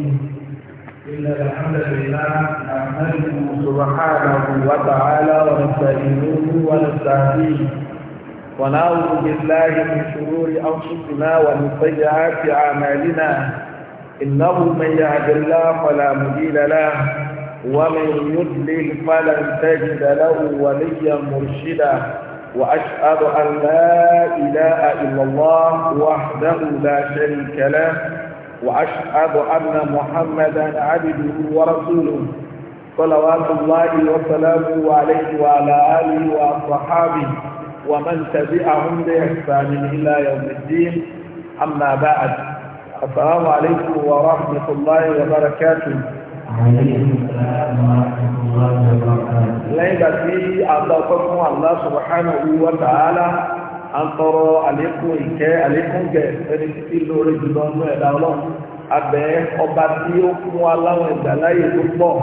إن الحمد لله نحمده سبحانه وتعالى ونستعينه ونستهديه ونعوذ بالله من شرور أنفسنا ومن سيئات أعمالنا إنه من يهد الله فلا مضل له ومن يضلل فلن تجد له وليا مرشدا وأشهد أن لا إله إلا الله وحده لا شريك له وأشهد أن محمدا عبده ورسوله صلوات الله وسلامه عليه وعلى آله وأصحابه ومن تبعهم بإحسان إلى يوم الدين أما بعد السلام عليكم ورحمة الله وبركاته lẹ́yìn السلام ورحمة الله وبركاته fún Allah الله سبحانه وتعالى àtọrọ àlékún ìkẹ́ àlékún gẹ̀ ẹni títí lórí jùlọ ọmọ ẹ̀dá ọlọ́run abẹ́ ọba tí ó fún wa láwọn ìgbà láyè tó pọ̀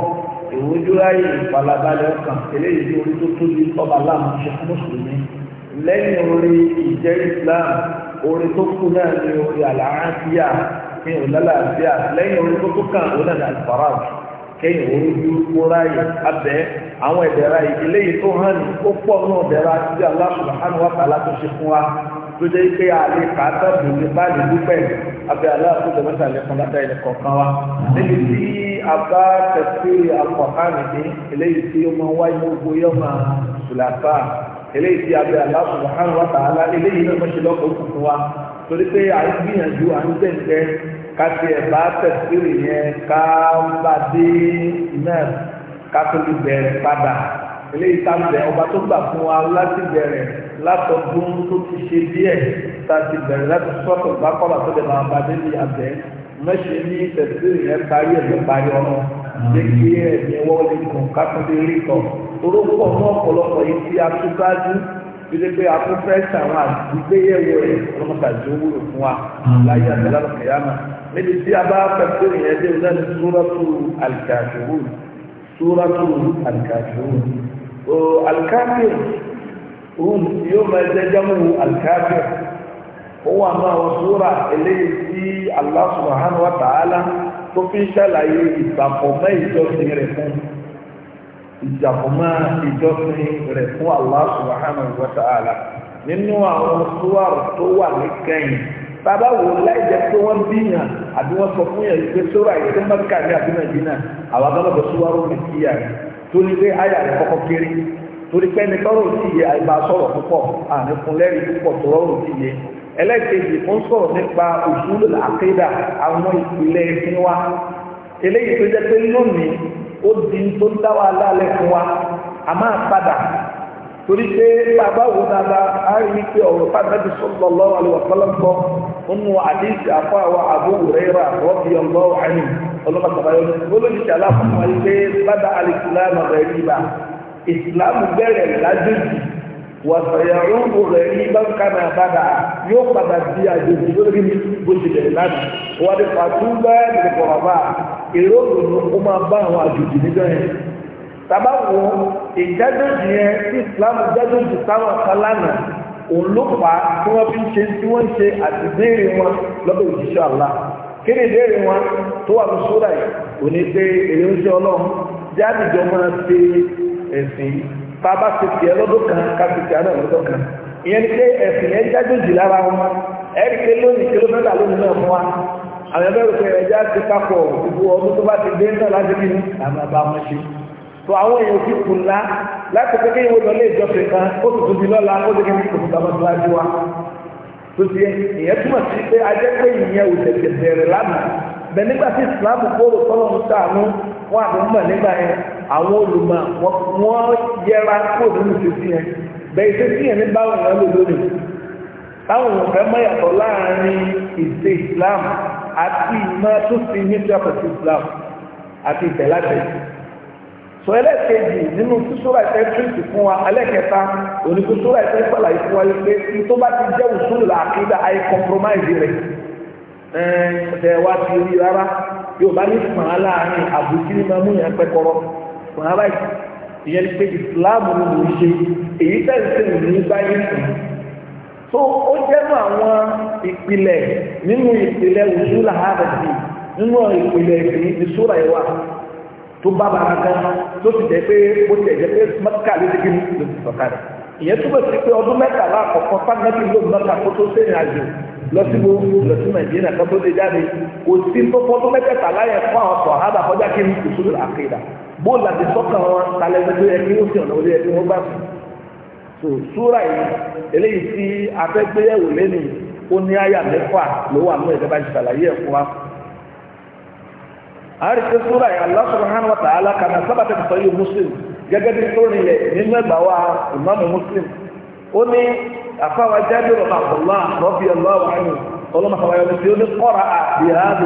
ìwújú láyè ìfalabalẹ̀ ọkàn eléyìí ní orí tó tóbi ọba láàmú ṣe fún mùsùlùmí lẹ́yìn orí ìjẹ́ Islam orí tó kú náà ní orí àlàáfíà ní òlàlàáfíà lẹ́yìn orí tó tó kàn ó náà ní kéyìn orójú kóráyè abẹ àwọn ìdẹ̀ra eléyìí tó hàn ní ó pọ̀ ní ọ̀dẹ̀ra tí Allah subhanahu wa ta'ala tó ṣe fún wa tó jẹ́ pé àlè kàtà bìbí báyìí dúpẹ́ abẹ aláàfo dẹ̀mẹ́ta lẹ́kọ̀ọ́ látà ilẹ̀ kọ̀ọ̀kan wa níbi tí a bá tẹ̀sí àkọ́kánì ní eléyìí tí ó máa wáyé gbogbo yóò máa sùlàfà eléyìí tí abẹ Allah subhanahu wa ta'ala eléyìí náà mọ̀ ṣe lọ́kọ̀ọ́ kasi ẹ̀bá tẹ̀síìrì yẹn ká bá dé náà kátólì bẹ̀rẹ̀ padà eléyìí tá bẹ̀ ọba tó gbà fún wa láti bẹ̀rẹ̀ látọ̀dún tó ti ṣe díẹ̀ tá a ti bẹ̀rẹ̀ láti sọ́tọ̀ gbàkọ́lá tó dẹ̀ máa bá dé ní abẹ́ mẹ́sẹ̀ ní tẹ̀síìrì yẹn parí ẹ̀mí parí ọ̀nà jẹ́ kí ẹ̀mí wọlé kùn kátólì rí kọ̀ orúkọ mọ́ ọ̀pọ̀lọpọ̀ yìí tí a tún dájú bíi pé afẹ́fẹ́ sàwọn àgbéyẹ̀wò rẹ̀ ọlọ́mọta ìjọ wúlò fún wa láyé àtàlà kẹyàmà níbi tí a bá pẹ̀lú ìyẹn dé náà ní súrọ́tù alkafirun súrọ́tù alkafirun o alkafir rún yóò máa jẹ́ jámù alkafir ó wà náà wọ́n súra eléyìí tí Allah subhanahu wa ta'ala tó fi ń ṣàlàyé ìgbàfọ̀mọ́ ìjọsìn rẹ̀ fún ìjàfọ̀mọ́ ìjọsìn rẹ̀ fún Allah wa ta'ala nínú àwọn súwárù tó wà ní kẹ́yìn bàbá wò láì jẹ́ pé wọ́n bí yàn àbí wọ́n sọ fún yàn pé sóra yìí tó máa kàrí àbí nàìjíríà àwọn agbábọ̀ bọ̀ síwárò ní kíyà rẹ̀ tó ní pé àyà rẹ̀ kọ́kọ́ kéré torí pé ẹni tọ́rọ̀ sí iye àìbá sọ̀rọ̀ púpọ̀ àní fún lẹ́rìí púpọ̀ tó rọrùn sí iye ẹlẹ́kejì sọ̀rọ̀ nípa òṣùlù àkéda àwọn ìpìlẹ̀ ẹ̀sìn wa eléyìí tó jẹ́ pé lónìí ó di tó ń dá wa lálẹ́ fún wa a padà torí pé bàbá wo dáadáa a rí i pé ọ̀rọ̀ pàtàkì sallallahu alaihi wasallam nínú àdéhìí àpá àwọn Abu Hurairah radiyallahu anhu ọlọ́mọsàbáyọ olóyìnbó aláfọ̀mọ́ wáyé pé bàbá alìsílámù rẹ̀ ríba ìsìlámù bẹ̀rẹ̀ lájòjì wàsàyàrún rẹ̀ ríba kàmá bàdà yóò padà di àjòjì lórí bó ti bẹ̀rẹ̀ lánàá sábà wo ìjádòjì yẹn tí islam jádòjì táwọn kan lánàá òun ló fà á tí wọ́n fi ń ṣe tí wọ́n ń ṣe àti béèrè wọn lọ́dọ̀ òjíṣẹ́ àlá kéde béèrè wọn tó wà lóṣù rẹ̀ òní pé èrè ń ṣe ọlọ́run jáde jọ máa ṣe ẹ̀sìn yìí tá a bá ṣe tiẹ̀ lọ́dọ̀ kan ká ṣe tiẹ̀ náà lọ́dọ̀ kan ìyẹn ni pé ẹ̀sìn yẹn jádòjì lára wọn ẹ̀rí pé lónìí kìlómítà lónìí náà fún wa àwọn ẹgbẹ́ rẹ̀ ẹja ti papọ̀ gbogbo ọdún tó bá ti dé náà láti bí àmàbà wọn ṣe. tó àwọn èèyàn fi kù ńlá láti pé kéèyàn lọ lé ìjọsìn kan ó sì tún di lọ́la ó sì kéèyàn kòkòtà máa wa tó ti èèyàn túmọ̀ sí pé ajẹ́ pé ìyẹn ò tètè bẹ̀rẹ̀ lánàá bẹ̀ nígbà tí kóró sàánú wọn mọ̀ nígbà yẹn àwọn olùmọ̀ wọn yẹra kó nínú ìṣesí yẹn ìṣesí yẹn ní báwọn èèyàn lónìí èèyàn fẹ́ láàrin ìṣe àti ìmọ̀ sọ ẹlẹ́ẹ̀kejì nínú kúsúrà ẹ̀fẹ́ tírísì fún wa ẹlẹ́ẹ̀kẹta òní kúsúrà ẹ̀fẹ́ sàlàyé fún wa wípé tó bá ti jẹ́ òṣùlù làákìdá àyè kọ̀m̀pọ̀máìsì rẹ̀ ẹ̀ẹ́dẹ̀ wa ti rí rárá yóò bá ní fàá láàrin àbùkí ní mamú yẹn pẹ́kọ́rọ́ fàá ìyẹn pé ìsìláàmù ló ń ṣe èyí tẹ̀sí ní báyìí fún tó ó jẹ́nu àwọn ìpìlẹ̀ nínú ìpìlẹ̀ òṣùlù àhàbẹ̀sì nínú ìpìlẹ̀ ìpìlẹ̀ tó bá bàrà kan tó ti jẹ́ pé ó ti jẹ́ pé mẹ́ta ló ti gbé ní ló ti sọ̀ka rẹ̀ ìyẹn túbọ̀ sí pé ọdún mẹ́tàlá àkọ́kọ́ fáńdẹ́kì ló mẹ́ta kó tó sẹ́yìn àjò lọ́sibó lọ́sí nàìjíríà kan tó lè jáde kò sí tó fọ́dún mẹ́tẹ̀ẹ̀tàlá yẹn fún àwọn sọ̀hádà kọjá kí ní ìṣúlù àkèdà bó láti sọ́kàn wọn talẹ̀ gbogbo yẹn kí wọ́n sì ọ̀nà orí yẹn kí wọ́n gbà fún. tó súra yìí eléyìí tí afẹ́gbéyẹ̀wò lẹ́nu ó ní àyà mẹ́fà ló wà nínú àárí pé súrà Allah subhanahu wa ta'ala kàmá sábàtà ti sọ yìí muslim gẹ́gẹ́ bí tó rinlẹ̀ nínú ẹgbà wa ìmáàmù muslim ó ní àfáwà jáde rọ̀ àbúlá rọ́bì ọlọ́wà ánì ọlọ́mọkàwáyọ̀ ní tí ó ní kọ́ra àbíhádì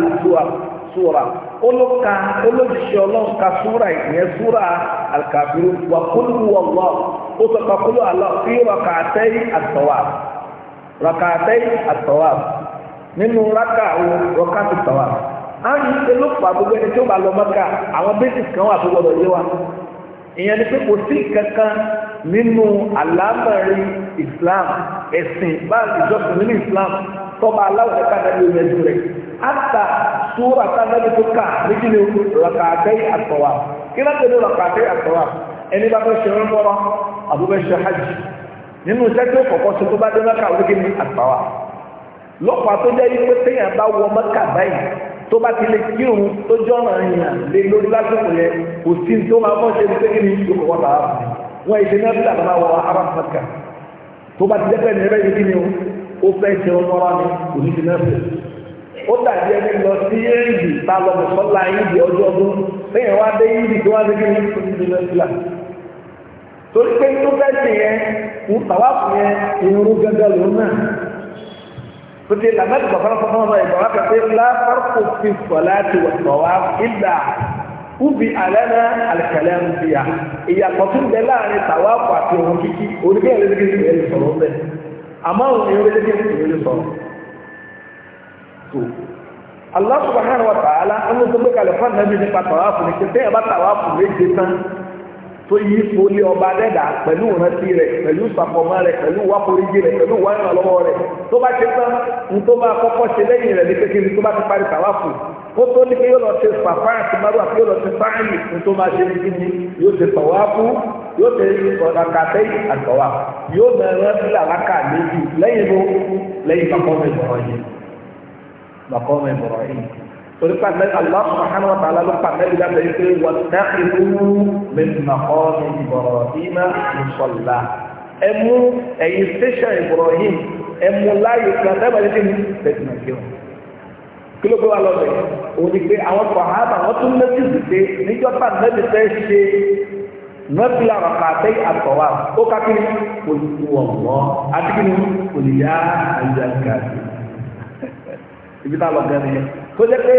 súra olóka olójúṣe ọlọ́ka súra ìyẹn súra alkàbírú wà kúlù wọ̀lọ́ ó sọ pé kúlù àlọ́ fi rọ̀kàtẹ́yì àtọ̀wà rọ̀kàtẹ́yì àtọ̀wà nínú rákà rọ̀kàtì tọ̀wà á ní eló pa gbogbo ẹni tí ó bá lọ mọ́kà àwọn basic kan wà tó gbọdọ̀ yé wa ìyẹn ni pé kò sí kankan nínú àlámọ̀rí Islam ẹ̀sìn báyìí ìjọsìn nínú Islam tọ́ba aláwọ̀ ẹ̀ka náà yóò yẹn dúró ata sóra tá a náà tó kà méjì ní rọ̀kàtẹ́ àtọ̀wà kí náà tó ní rọ̀kàtẹ́ àtọ̀wà ẹni bá fẹ́ ṣe ń mọ́rọ́ àbúfẹ́ ṣe hajj nínú iṣẹ́ tó kọ̀kọ́ sí tó bá dé mẹ́ka orí kí àtọ̀wà lọ́pàá tó jẹ́ pé téèyàn bá wọ mẹ́ka báyìí tó bá ti lè kírun tó jọ́ràn èèyàn lé lórí lásìkò yẹn kò sí tó máa bọ́ ṣe pé kí ni yóò kọ́ bàá wọn ìṣe náà bílà bàbá wọ arab maka tó bá ti dẹ́pẹ́ ní ẹgbẹ́ yìí kí ni ó fẹ́ ṣe ọmọ wa ni kò ní ṣe náà bílà ó dàbí ẹni lọ sí éèdì tá a lọ bọ̀ sọ́la éèdì ọjọ́ ọdún lẹ́yìn wá dé éèdì tí wọ́n á dégé ní ìpínlẹ̀ nàìjíríà torí pé fẹ́ Tòtí lànà tó bàbá fọfọ náà ìgbà wá kẹsẹ̀ láfárkò fi sọ̀lá ti wà sọ̀wá ìgbà ubi alẹ́nà alìkàlẹ́ ń bìyà. Ìyàtọ̀ tó ń bẹ láàrin tàwa kọ àti ohun kíkí oníkẹ́ ẹ̀rẹ́dẹ́gẹ́ ti bẹ̀rẹ̀ sọ̀rọ̀ ń bẹ̀. Àmọ́ òun ẹ̀rẹ́dẹ́gẹ́ ti bẹ̀rẹ̀ sọ̀rọ̀. Tó Allah subhanahu wa ta'ala ń lọ sọ pé kàlẹ́ fún ànábì nípa tàwa fún mi kí tó yí folí ọba dẹ́dà pẹ̀lú ìrántí rẹ̀ pẹ̀lú ìsàpọ̀mọ́ rẹ̀ pẹ̀lú ìwáforíjì rẹ̀ pẹ̀lú ìwà ìrànlọ́wọ́ rẹ̀ tó bá ṣe tán ní tó bá kọ́kọ́ ṣe lẹ́yìn rẹ̀ ní kékeré tó bá ti parí tàwáfù ó tó ní pé yóò lọ ṣe fàfá àti márùn àti yóò lọ ṣe fáìlì ní tó máa ṣe ní kíni yóò ṣe tàwáfù yóò ṣe ọ̀dàkàtẹ́ àtọ̀wà yóò bẹ̀rẹ̀ torípa ní Allah subhanahu wa ta'ala ló pa nẹ́bí láti ẹni pé wọ́n tẹ́kì lóru mẹ́tìmá kọ́ ní Ibrahim musalla ẹ mú ẹ̀yin tẹ́sán Ibrahim ẹ mú láàyè kan tẹ́bà ní kíni mẹ́tìmá kíni kí ló gbé wa lọ́dọ̀ yìí òun ni pé àwọn sàhábà wọ́n tún lẹ́sí ìdíje níjọ́ta nẹ́bí fẹ́ ṣe nọ́tìlá rọ̀kàtẹ́ àtọ̀wà ó kákiri olùwọ̀wọ́ àti kíni olùyá àyíká ibi tá a lọ gẹ́rin yẹn tó jẹ́ pé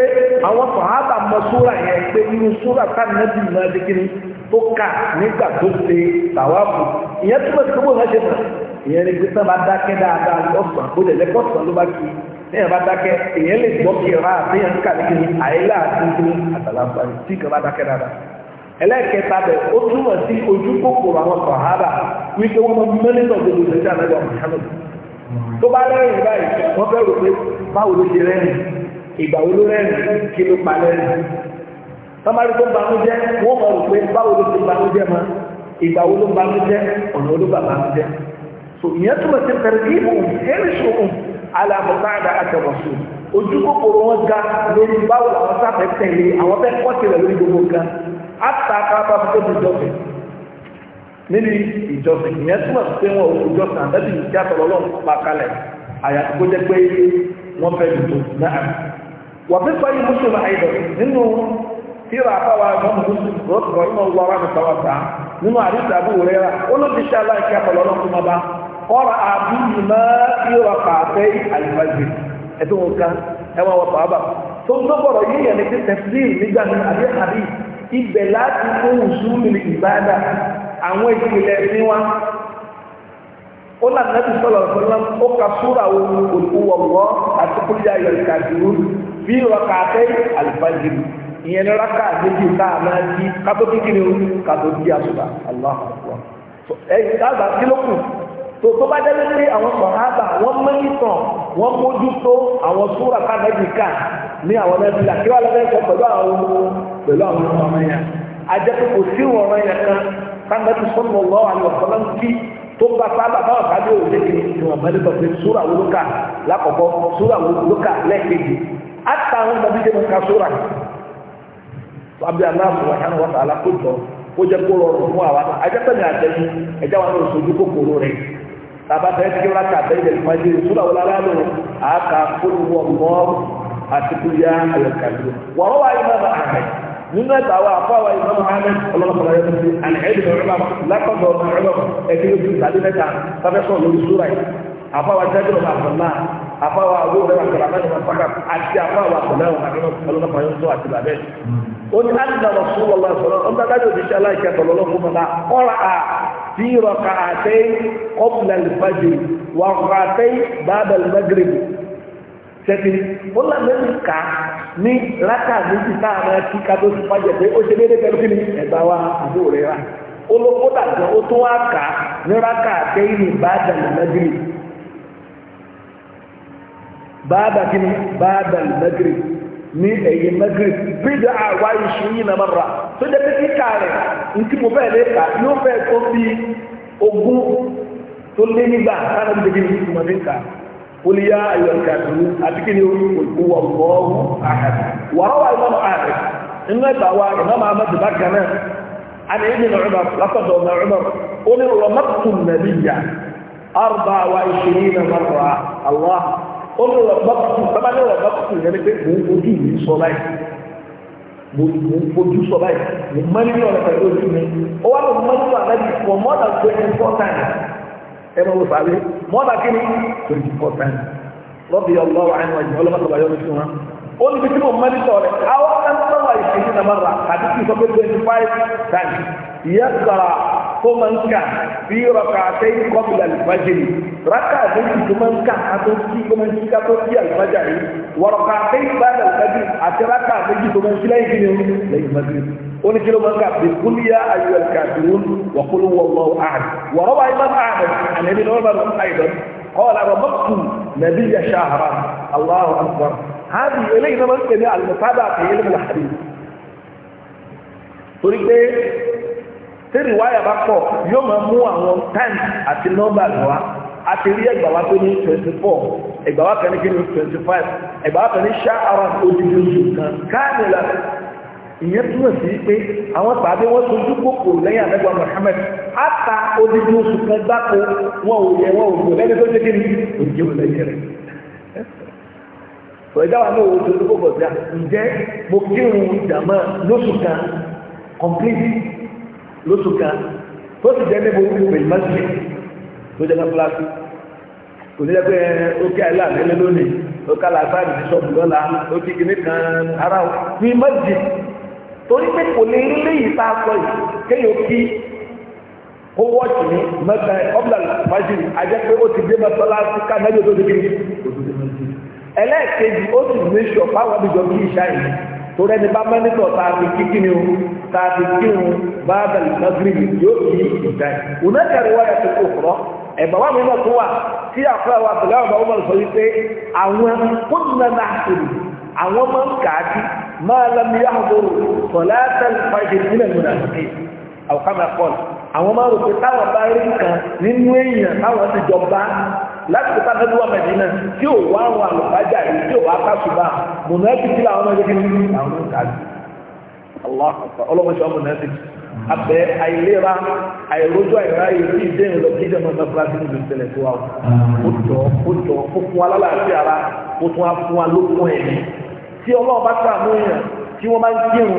àwọn sàhábà mọ súrà yẹn pé irú súrà táà nẹ́bí ìmọ̀ ẹ̀dẹ́gìrì tó kà nígbà tó ṣe tàwáàfù ìyẹn túbọ̀ sí gbogbo ìrẹsẹ̀ tán ìyẹn ni pé sábà dákẹ́ dáadáa lọ́sàn-án ó lè lẹ́kọ̀ọ́sàn ló bá kí èèyàn bá dákẹ́ èèyàn lè gbọ́ kí ìrà àtẹ̀yàn ń kà ní kíni àyílá àtúntún àtàlàfà tí kan bá dákẹ́ dáadáa ẹlẹ́ẹ̀kẹta bẹ̀ ó túmọ̀ sí ojú kòkòrò àwọn sàhábà wípé wọ́n mẹ́lẹ́tọ̀ gbogbo ìrẹsẹ̀ àná tó bá lẹ́rìn báyìí wọ́n fẹ́ rò pé báwo ló ṣe rẹ́rìn ìgbà wo ló rẹ́rìn kí ló palẹ̀ rẹ̀ tọ́mọ́rí tó banú jẹ́ wọ́n mọ̀ rò pé báwo ló ti banú jẹ́ ma ìgbà wo ló banú jẹ́ ọ̀nà wo ló bà banú jẹ́ so ìyẹn túmọ̀ sí tẹ̀rẹ̀kìmù ẹ̀rìṣòkùn alàmùsáàdà àtẹ̀wọ̀sù ojú kòkòrò wọn ga lórí báwo làwọn sáfẹ́ tẹ̀lé àwọn fẹ́ kọ́ tirẹ̀ lórí gbogbo nǹkan àtàkà bá fi tóbi jọ́sìn nínú ìjọsìn ìyẹn túmọ̀ sí pé wọn ò jọsìn àtẹ́bí ìjà tọ̀lọ́lọ́ àyàtúkọ́ jẹ́ pé wọ́n fẹ́ lùtò náà وبيبقى مسلم ايضا انه في رافع امام مسلم رحمه الله تعالى nínú àdìsí àbú òrẹ́ra olóòtúṣe aláìkẹ́ ọ̀pọ̀lọ́rọ́ tó máa bá ọ̀rọ̀ àbú ìmọ̀ ìrọ̀ pàtẹ́ àlùfáàjì ẹ̀dùn nǹkan ẹwà wọ pàábà tó ń gbọ́bọ̀rọ̀ yìí yẹn ní ti tẹ̀sí nígbà ní àbí àbí ibẹ̀ láti kó wùsùlùmí ìbáadà àwọn ìpìlẹ̀ ní wa ó là nàbì sọ̀rọ̀ ọ̀sán ó ka súra òun òwòwò àti bí rakàtẹ́ alifajiri ìyẹn ní raka méjì tá a máa di kátó kékeré o kátó di àsùbà Allahu Akbar ẹ̀yìn sábà kílókù tó tó bá dẹ́gbẹ́ pé àwọn sọ̀hábà wọ́n mẹ́lìtàn wọ́n mójútó àwọn súra kánẹ́bì ká ní àwọn ẹ̀bí àkíwá lọ́wọ́ ẹ̀kọ́ pẹ̀lú àwọn pẹ̀lú àwọn ọmọ yẹn ajẹ́pé kò sí ìwọ̀n yẹn kan kánẹ́bì sọ́nà lọ́wọ́ àwọn ọ̀sán kí tó gba sábà báwọn sábà yóò dé kiri ìwọ̀n mẹ́lìtàn pé súra wọlé ká lákọ̀ọ́kọ́ súra wọlé ká lẹ́ẹ̀kejì àtà àwọn ọmọdé jẹ́ nǹkan sóra abẹ́ aláàfin wàhán wọn tà alákòjọ ó jẹ́ kó rọrùn fún àwa náà ajẹ́pẹ̀mí àtẹ́yìn ẹ̀já wa náà sojú kòkòrò rẹ̀ tàbá tẹ́ ti kíra kà bẹ́ẹ̀ lẹ́yìn fún ẹjẹ́ sóra wọn aláàlú àáka kólúwọ̀ mọ́ àti kúlíà àyọ̀kàlú wọ́n wá iná àhẹ́ nínú ẹ̀ta wa àfọ́ àwa iná Muhammad ọlọ́mọkọ̀lá yẹn ti àlẹ́ẹ̀dì ọ̀rọ̀ lákọ̀tọ̀ ọ̀rọ̀ ẹ̀kí afáwa àwọn ọ̀rẹ́ àkàrà náà nípa pàkà àti afáwa àkàrà náà àti ọlọ́nà pàyọ́ tó àti bàbẹ́. ó ní àdìdà lọ fún ọlọ́ sọ̀rọ̀ ọ̀nà dájọ́ òṣìṣẹ́ aláìṣẹ́ tọ̀lọ́ lọ́kùn mọ́ta ọ̀rà à tí ìrọ̀ ka àtẹ kọ́pùlà lùfàjì wà kọ́ àtẹ bàbà lùmẹ́gìrì sẹ́tì ó là lẹ́nu ká ní látà méjì táwọn ẹtí ká tó ti fàjẹ̀ pé ó ṣe déédéé pẹ̀lú kí ni ẹ̀gbá wa àbúrò rẹ̀ rà ó ló kó dàgbọ́ ó tó wá kà ní rákà àtẹ ìrìn bàbà lùmẹ́gìrì báàbà kíni báàbà magrib ní ẹ̀yìn magrib bídà àwa ìṣòyìn náà mara tó jẹ́ pé kíkà rẹ̀ ntí mo fẹ́ lè kà yóò fẹ́ tó fi ogún tó lé nígbà sára ń dèbí ní ìmọ̀dé kà قل يا أيها الكافرون أتكني قل هو الله أحد وروى الإمام أحمد إن دعوى الإمام أحمد بكنا عن ابن عمر لقد ابن عمر قل رمضت النبي أربع وعشرين مرة الله olùrọ̀ gbọ́kùtù bàbá ní ọ̀rọ̀ gbọ́kùtù yẹn ni pé mò ń fojú mi sọ báyìí mò ń fojú sọ báyìí mò ń mẹ́rin ọ̀rọ̀ pẹ̀lú ojú mi ó wá lọ mọ́tò àlẹ́bí for more than twenty four times ẹ bá wọ sáré more than kíni twenty four times lọ́bì ọlọ́wọ́ àìní wájú ọlọ́mọdébà yọ lóṣù wọn ó ní bí tí mo mẹ́rin sọ rẹ̀ àwọn ẹ̀ńtọ́wà ìṣèlú nàmọ́ra àti kí n twenty five times ìyẹ́ sọ̀rọ̀ tó máa ń kà bí rọ̀kà àtẹ́yìn kọ́bìlà àlùfájìrì rákà méjì tó máa ń kà àtó sí tó máa ń kíkà tó sí àlùfájà yìí wọ̀rọ̀kà àtẹ́yìn bá àlùfájì àti rákà méjì tó máa ń sílẹ̀ yìí nínú lẹ́yìn májìrì ó ní kí ló máa ń kà bí kúlíyà ayé alkàdùn wàkúlù wọ̀wọ̀ àdì wọ̀rọ̀ wáyé má bá àdì àlẹ́bí lọ́wọ́ bá lọ́wọ́ àìdọ́n قال ربطت نبي شهرا الله اكبر هذه الينا ما tẹ́lẹ̀ wáyà bá pọ̀ yóò máa mú àwọn times àti nọ́mbà wá àti rí ẹgbà wá tó ní twenty four ẹgbà wá kan ní kí ní twenty five ẹgbà wá kan ní ṣá ara odidi oṣù kan káàmìlà ìyẹn túmọ̀ sí pé àwọn pàdé wọn sojú kòkò lẹ́yìn àdẹ́gbà Muhammad àta odidi oṣù kan gbáko wọn ò yẹ wọn ò gbò lẹ́ni tó ṣe kí ni òjì ò lẹ́yìn rẹ̀ ọ̀ẹ́dá wa náà wò sojú kòkò sí à ǹjẹ́ mo kírun ìjàmọ́ lóṣù kan complete lóṣù kan tó sì jẹ́ níbo orúkú bèèrè mọ́sílẹ̀ tó jẹ́ mọ́sílásí kò ní jẹ́ pé ó kí àìlà nílẹ̀ lónìí ó ká làbáàdì ní sọ́ọ̀bù lọ́la ó kí kìíní kan ara ò ní mọ́sílẹ̀ torí pé kò lè rí léyìí tá a sọ yìí kéèyàn kí ó wọ́ọ̀tì ní mẹ́ta ọ̀bùlà fàájìrì ajẹ́ pé ó ti dé mọ́sílásí ká mẹ́jọ tó ti kí ẹlẹ́ẹ̀kejì ó sì ní sọ fáwọn àbíjọ bí ìṣá yìí torí ẹni bá bá nítọ̀ tá a fi kíkí ni o tá a fi kí o bá a bẹ̀rẹ̀ lọ́gìrì yóò fi ìjà yìí. òun ẹ̀ka ìwà yẹn ti kó fọ́ ẹ̀bà wà mímọ̀ tó wà tí àfúrà wa bẹ̀rẹ̀ àwọn ọmọ sọ wípé àwọn kóńtùnà náà tòlù àwọn ọmọ kàákì máa lami yàgòrò sọlá tẹlifà fàjì nílẹ̀ múnà sí àwọn kàmẹ́kọ́ọ̀lù àwọn ọmọ rò pé táwọn bá rí nǹkan nínú èèyàn táwọn ti jọba láti kó tánà bí wà mẹ́dínà tí ò wá àwọn àlùfájà yìí tí ò wá kásùbà mùnà ẹ̀kí tí làwọn ọmọdé kìíní làwọn ń kà sí. ọlọ́mọṣẹ́ ọmọ náà ti abẹ àìlera àìrójú àìráyè tí ìdéhùn lọ kíjọ náà náà fúlásí níbi ìṣẹ̀lẹ̀ tó wà ó. ó jọ ó jọ ó fún wa lálàáfíà ara ó tún wá fún wa lókun ẹ̀mí tí ọlọ́run bá tà mú èèyàn tí wọ́n bá ń kírun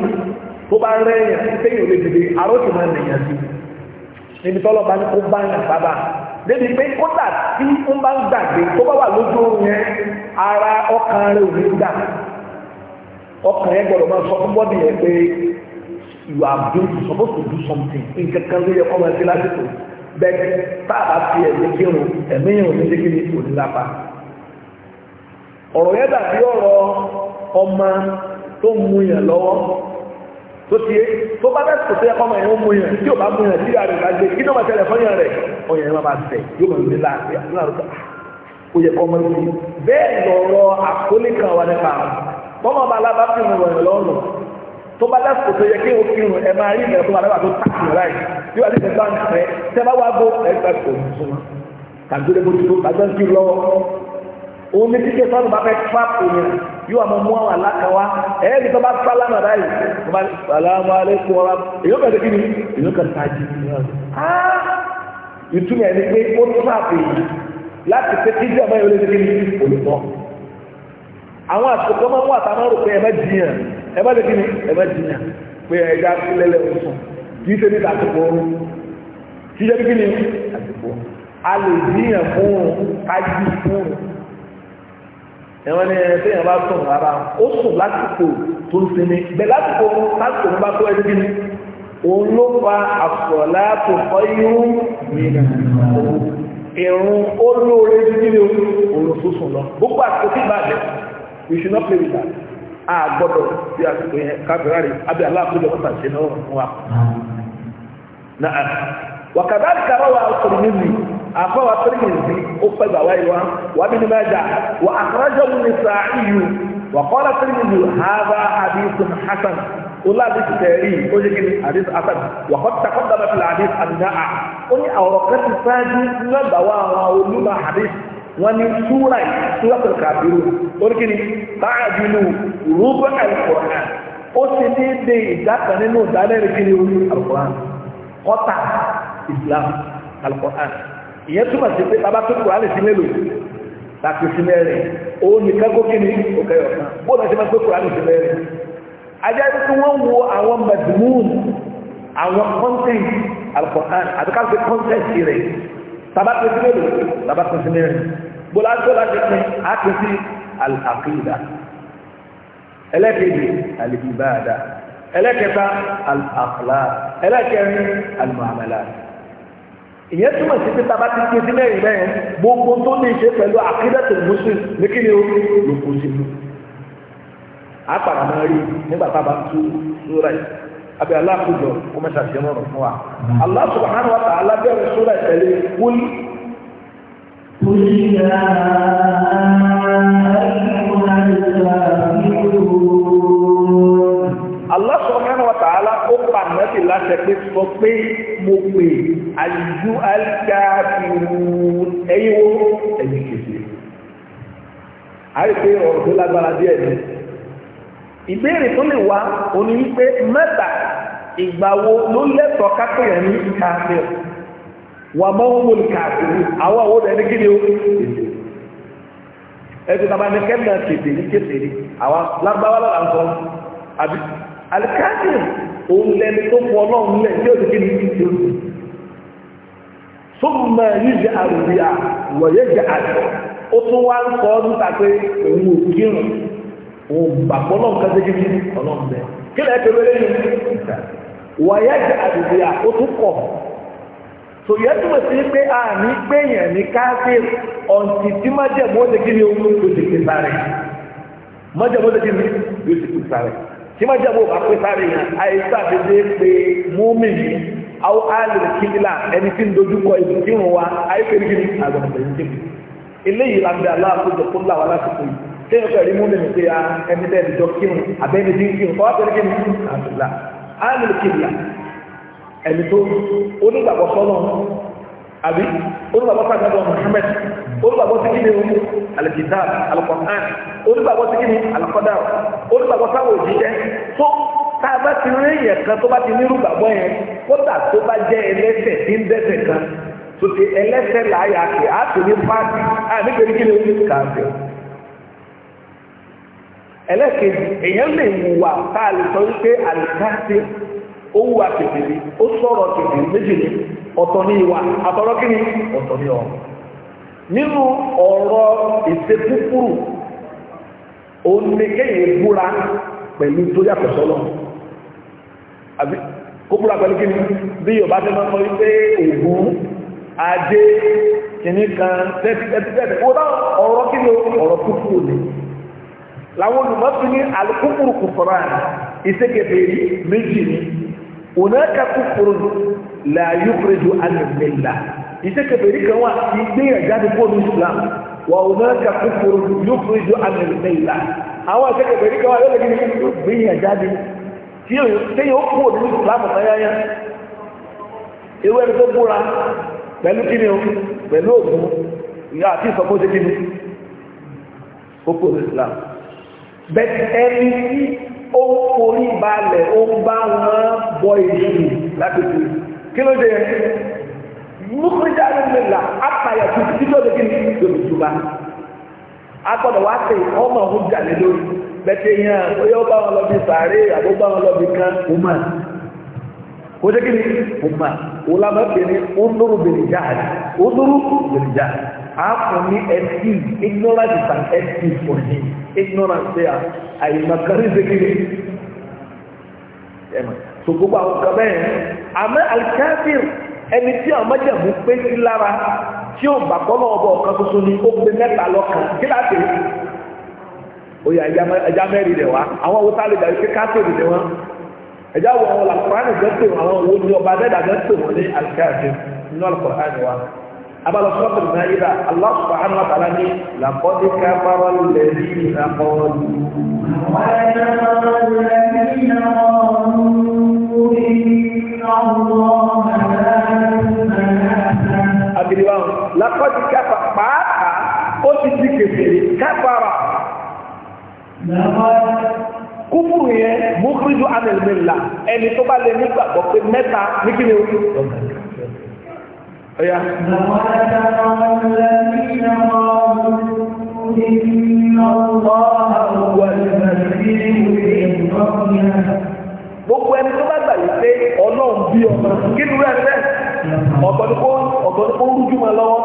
tó bá rẹ́ èèyàn tí téèyàn lè dìde àròtì máa nìyàn sí níbi tọ́lọ́ bá ní kó bá yàn sábà débi pé kódà tí ń bá ń gbàgbé tó bá wà lójú oorun yẹn ara ọkàn rẹ ò ní gbà ọkàn yẹn gbọ́dọ̀ máa sọ fún bọ́dì yẹn pé you are going to supposed to do something In kan ló yẹ kọ́ máa ṣe lásìkò bẹ́ẹ̀ tá a bá fi ẹ̀mí kírun ẹ̀mí yẹn ò ní ṣe kí ni kò ní lápá ọ̀rọ̀ yẹn dàbí ọ̀rọ̀ ọmọ tó ń mú yẹn lọ́wọ́ tó ti yé tó bá bẹ́ẹ̀ sọ̀tẹ́ ọmọ yẹn ó mú yẹn tí ò bá mú yẹn tí ìyá rẹ̀ bá gbé kí ló máa tẹ̀lé fún yẹn rẹ̀ ọyàn yẹn máa tẹ̀ yóò máa lé láàrin àdúrà ó yẹ kọ́ ọmọ yìí bẹ́ẹ̀ lọ̀rọ̀ àkólé kan wà nípa bọ́mọ bá alábá fi hàn wọ̀nyẹn lọ́rùn tó bá dásìkò tó yẹ kí o fi hàn ẹ máa rí ìgbà tó wà lábàá tó tàkì láì bí wàá tẹ̀sẹ̀ bá ń tẹ̀ tẹ́ bá wá bó ẹ̀ gbà tó súnmọ́ tàbí ó lè bó tó tàbí ó ń kí lọ́wọ́ yóò àmọ́ mú àwọn àlàkà wa ẹ̀ẹ́dì tó bá sálá náà báyìí tó bá aláwọ̀ alẹ́ kó wa èyí ó kẹ́sẹ̀ kí ni èyí ó kẹ́sẹ̀ tààjì ah! ìtumọ̀ ẹni pé ó tààpù yìí láti pé kí jẹ́ ọmọ yẹn ó lé kí ni olùkọ́ àwọn àsìkò máa ń wà tá a máa rò pé ẹ má jiyàn ẹ má lè kí ni ẹ má jiyàn pé ẹ já lẹ́lẹ́ òsùn kì í ṣe níta àsìkò oorun kì í ṣe kí ni àsìkò a lè jiyàn fún un ká ẹ̀wọ̀n ni ẹ̀fẹ́ yẹn bá sùn rárá ó sùn lásìkò tó ń sinmi bẹ́ẹ̀ lásìkò lásìkò ló bá tó ẹni bíi òun ló fa àsọ̀lá tó kọ́ irun irun ó lóore òun tó sùn lọ gbogbo àti tí bàjẹ́ you should not play with that a gbọ́dọ̀ bí àsìkò yẹn kábíyà rẹ̀ abẹ́ aláàbújọ kọ́tà ṣe náà wà. wàkàdá kàrọ̀ wà ọ̀sọ̀rọ̀ nínú afọwọ́ pírímìsì ó pẹ́ gbà wáyé wa wà á bí ní mẹ́jà wà á kọ́rọ́jọ́ mu ní sàáyù wà kọ́rọ́ pírímìsì hàbà àdìsùn hasan olú àdìsù tẹ̀rí ó yẹ kí ni àdìsù hasan wà kọ́ takọ́ dàbà fìlà àdìsù àdìdáà ó ní àwọ̀rọ̀ kan ti sáájú lọ́gbà wa àwọn olúmọ àdìsù wọn ni súra yìí súra tó kàbírù ó ní kí ni báàbínú rúbọ̀ àlùkùránì ó ti ní de ìdá kan nínú ìdálẹ́rìí kí ni olú àlùkùránì kọ́tà ìsìlámù ìyẹn túmọ̀ sí pé bàbá tó kù á lè sí mélòó láti sí mẹ́rin òun nìkan kó kí ni òkè ọ̀kan bóun náà ti máa gbé kù á lè sí mẹ́rin ajá ibi tí wọ́n wo àwọn mẹ̀dùmùn àwọn kọ́ńtẹ́ǹt alùpùpù àbíká fi rẹ̀ bàbá tó sí mélòó bàbá tó sí mẹ́rin bóla tó láti pin á sí àkìlá ẹlẹ́kẹ̀ẹ́dì àlìbìbáàdà ẹlẹ́kẹta àlùpàkìlá ẹlẹ́kẹrin àlùmọ̀àmẹ́lá ìyẹn túmọ̀ sí pé taba ti pín sí mẹ́rin mẹ́rin gbogbo tó ní ṣe pẹ̀lú àkídàtò muslim ní kí ni ó ló kó sí mu àpàrà máa rí nígbà tá a bá tú sóra yìí àbí aláàkójọ kó mẹ́ta ṣe mọ̀rọ̀ fún wa pa nàbì láti pé sọ pé mo pè àlùjù alikaafiru ẹyin wo ẹyin kejì àìpé ọ̀rọ̀ tó lágbára díẹ̀ ni ìbéèrè tó lè wá òní wípé mẹ́ta ìgbà wo ló lẹ́tọ̀ọ́ kápẹ́yà ní káfíà wà mọ́ wọn wọlé káfíà àwọn àwọn ọ̀dọ́ ẹni kí ni ó ẹ̀sìn tàbí ẹni kẹ́mìnà kèdè ní kèdè àwọn lágbára lọ́la ń sọ àbí alikafir òun lẹni tó fọ ọlọ́run lẹ tí o ti kí ni ti o ti sọmọ yíyí àrùbíà wọ̀nyẹ jẹ àjọ ó tún wá ń sọ ọdún ta pé òun ò kírun òun gbàgbọ́ ọlọ́run kan tẹ́jú ní ọlọ́run bẹ́ẹ̀ kí lẹ́ẹ̀ tó yìí a ní gbẹ̀yàn ní káfíìn ọ̀ǹtì tí má ó ni ó ti kí sáré má tí má jẹ́ bó bá pé sáré yẹn àìsàn dédé pé múmi ní àwọn àlèrè kíndìlà ẹni tí ń dojúkọ ìlú tí ń wa àìsàn ìgbìmí àgbàgbà yìí dìbò eléyìí làbẹ́ aláàkójọ kó láwa lásìkò yìí téèyàn pẹ̀lú múmi ní pé ah, ẹni bẹ́ẹ̀ lè jọ kírun àbẹ́ni tí ń kírun kọ́ àbẹ́ni kí ni àbùlà àlèrè kíndìlà ẹni tó onígbàgbọ́ sọ́nà àbí onígbàgbọ́ sàgbàgbọ́ Muhammad olùgbàgbọ́ sí kí ni o alìkìtà alùpàpán olùgbàgbọ́ sí kí ni alùpàdà olùgbàgbọ́ sáwọn òjíṣẹ́ tó tá a bá ti rí èèyàn kan tó bá ti nírú gbàgbọ́ yẹn kódà tó bá jẹ́ ẹlẹ́sẹ̀ tí ń dẹ́ṣẹ̀ kan tó ti ẹlẹ́sẹ̀ láàyà kì á tó ní pààtì á nítorí kí ni o kàfẹ́ ẹlẹ́kejì èèyàn lè wùwà tá a lè sọ wípé àlùkáṣe ó wùwà kèfèrè ó sọ̀rọ̀ kèfèrè méjì ni ọ̀tọ̀ ni ìwà àtọ̀rọ̀ kí ni ọ̀tọ̀ ni ọ̀rọ̀ nínú ọ̀rọ̀ ìsekúkúrù òun ni kéèyàn búra pẹ̀lú tó yàtọ̀ sọ́lọ́ àbí kó búra pẹ̀lú kíni bí yorùbá ti máa ń sọ wípé ògún adé kìíní kan tẹ́tẹ́tẹ́tẹ́ kó dá ọ̀rọ̀ kíni ọ̀rọ̀ kúkúrù ni làwọn olùmọ̀sí ní alukúkúrù kùfọ̀rọ̀ ìsekèbèrè méjì ni òun náà ká kúkúrù làyúkúrẹ́jù alẹ́ iṣẹ́ kẹfẹ́rí kan wà tí gbé kó islam wà ó náà ka kúkúrú yóò fún ìjọ àmì ìlà àwọn iṣẹ́ kan wà lọ́lẹ́ kí ni yóò gbé ẹ̀jáde tí yóò islam ọ̀tayáyá ewé ẹni tó búra pẹ̀lú kí ni o pẹ̀lú òògùn ìyá àti ìsọkóṣe kí ni ó islam bẹ́ẹ̀ ẹni tí ó forí balẹ̀ ó bá wọn mukhrija alimila apaya tu títọ́ de kini yomi tuba agbọ́dọ̀ wa se ọmọ ọhún jalè lórí bẹtẹ yẹn oyè ọba wọn lọ bi sàárè àbó ọba wọn lọ bi kan ọmọ o de kini ọmọ ọlọmọ bẹni ọdúró bẹni jáde ọdúró bẹni jáde àfọ ní ẹtì ignorance is an ẹtì for him ignorance ṣe àyèmàkàrí ṣe kini ẹ ma so gbogbo àwọn kan bẹ́ẹ̀ àmọ́ ẹni tí àwọn mẹ́jẹ̀mú pé sí lára tí ó bà kọ́ lọ́wọ́ bọ̀ ọ̀kan tuntun ni ó pe mẹ́ta lọ́kàn kíláàsì oyè ẹja mẹ́rin rẹ̀ wá àwọn awúsá lè dàbí pé káàtìrì ni wọ́n ẹja wọ àwọn làkùránì gẹ́ pè wọ́n àwọn owó ní ọba dẹ́dà gẹ́ pè wọ́n ní àlùkáàdì nínú àlùkùránì wa abala sọ́ọ̀tì náà yíra Allah subhanahu wa ta'ala ní làkọ́dé káfárọ́ lẹ́yìn ìlàkọ́ọ́lù kiri wa hàn lakọ́jú kápá pàápàá ó ti di kèfèrè kápára. kúfùrù yẹn mùkúrìdù amẹ̀lẹ́mẹ̀lá ẹni tó bá lè nígbàgbọ́ pé mẹ́ta ní kí ni o. Oya. Gbogbo ẹni tó bá gbà yìí pé ọlọ́run bí ọmọ kí ni wúrẹ́ bẹ́ẹ̀. ọ̀tọ̀ ní kó ọ̀tọ̀ ma lọ́wọ́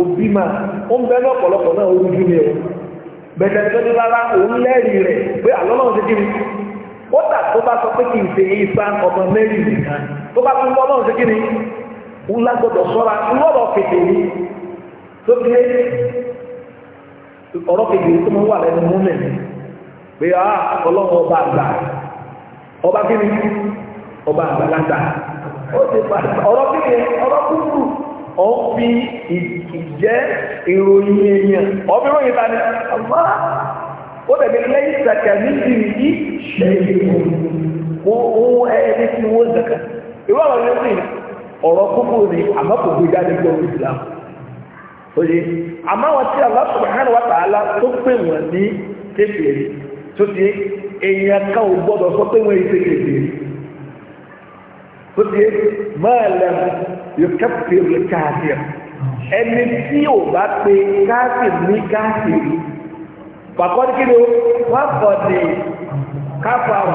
òbí ma ó ń o òun rẹ̀ pé àlọ́lọ́run ti ó tó bá sọ pé ṣe ipa ọmọ mẹ́rin nìkan tó bá tún lọ́lọ́run ti ń lágbọ́dọ̀ sọ́ra kèdè ní tó lé ọ̀rọ̀ kèdè tó wà lẹ́nu ah, ọba àgbà ọba ọba ó ti pa ọ̀rọ̀ kéde ọ̀rọ̀ kúkú ó fi ìjẹ́ ìròyìn èèyàn ọ̀bí ròyìn ta ni ọrụ ó ọrụ. oye tí tó pè ní tó ti kan ò gbọ́dọ̀ sọ pé wọ́n èyí tóbi mọ́ọ̀lẹ́ yòókẹ́pẹ̀rẹ̀ káàkiri ẹni tí ò bá pe káàkiri ní káàkiri pàkọ́dé kí ni wọ́n kọ́ di káfà wà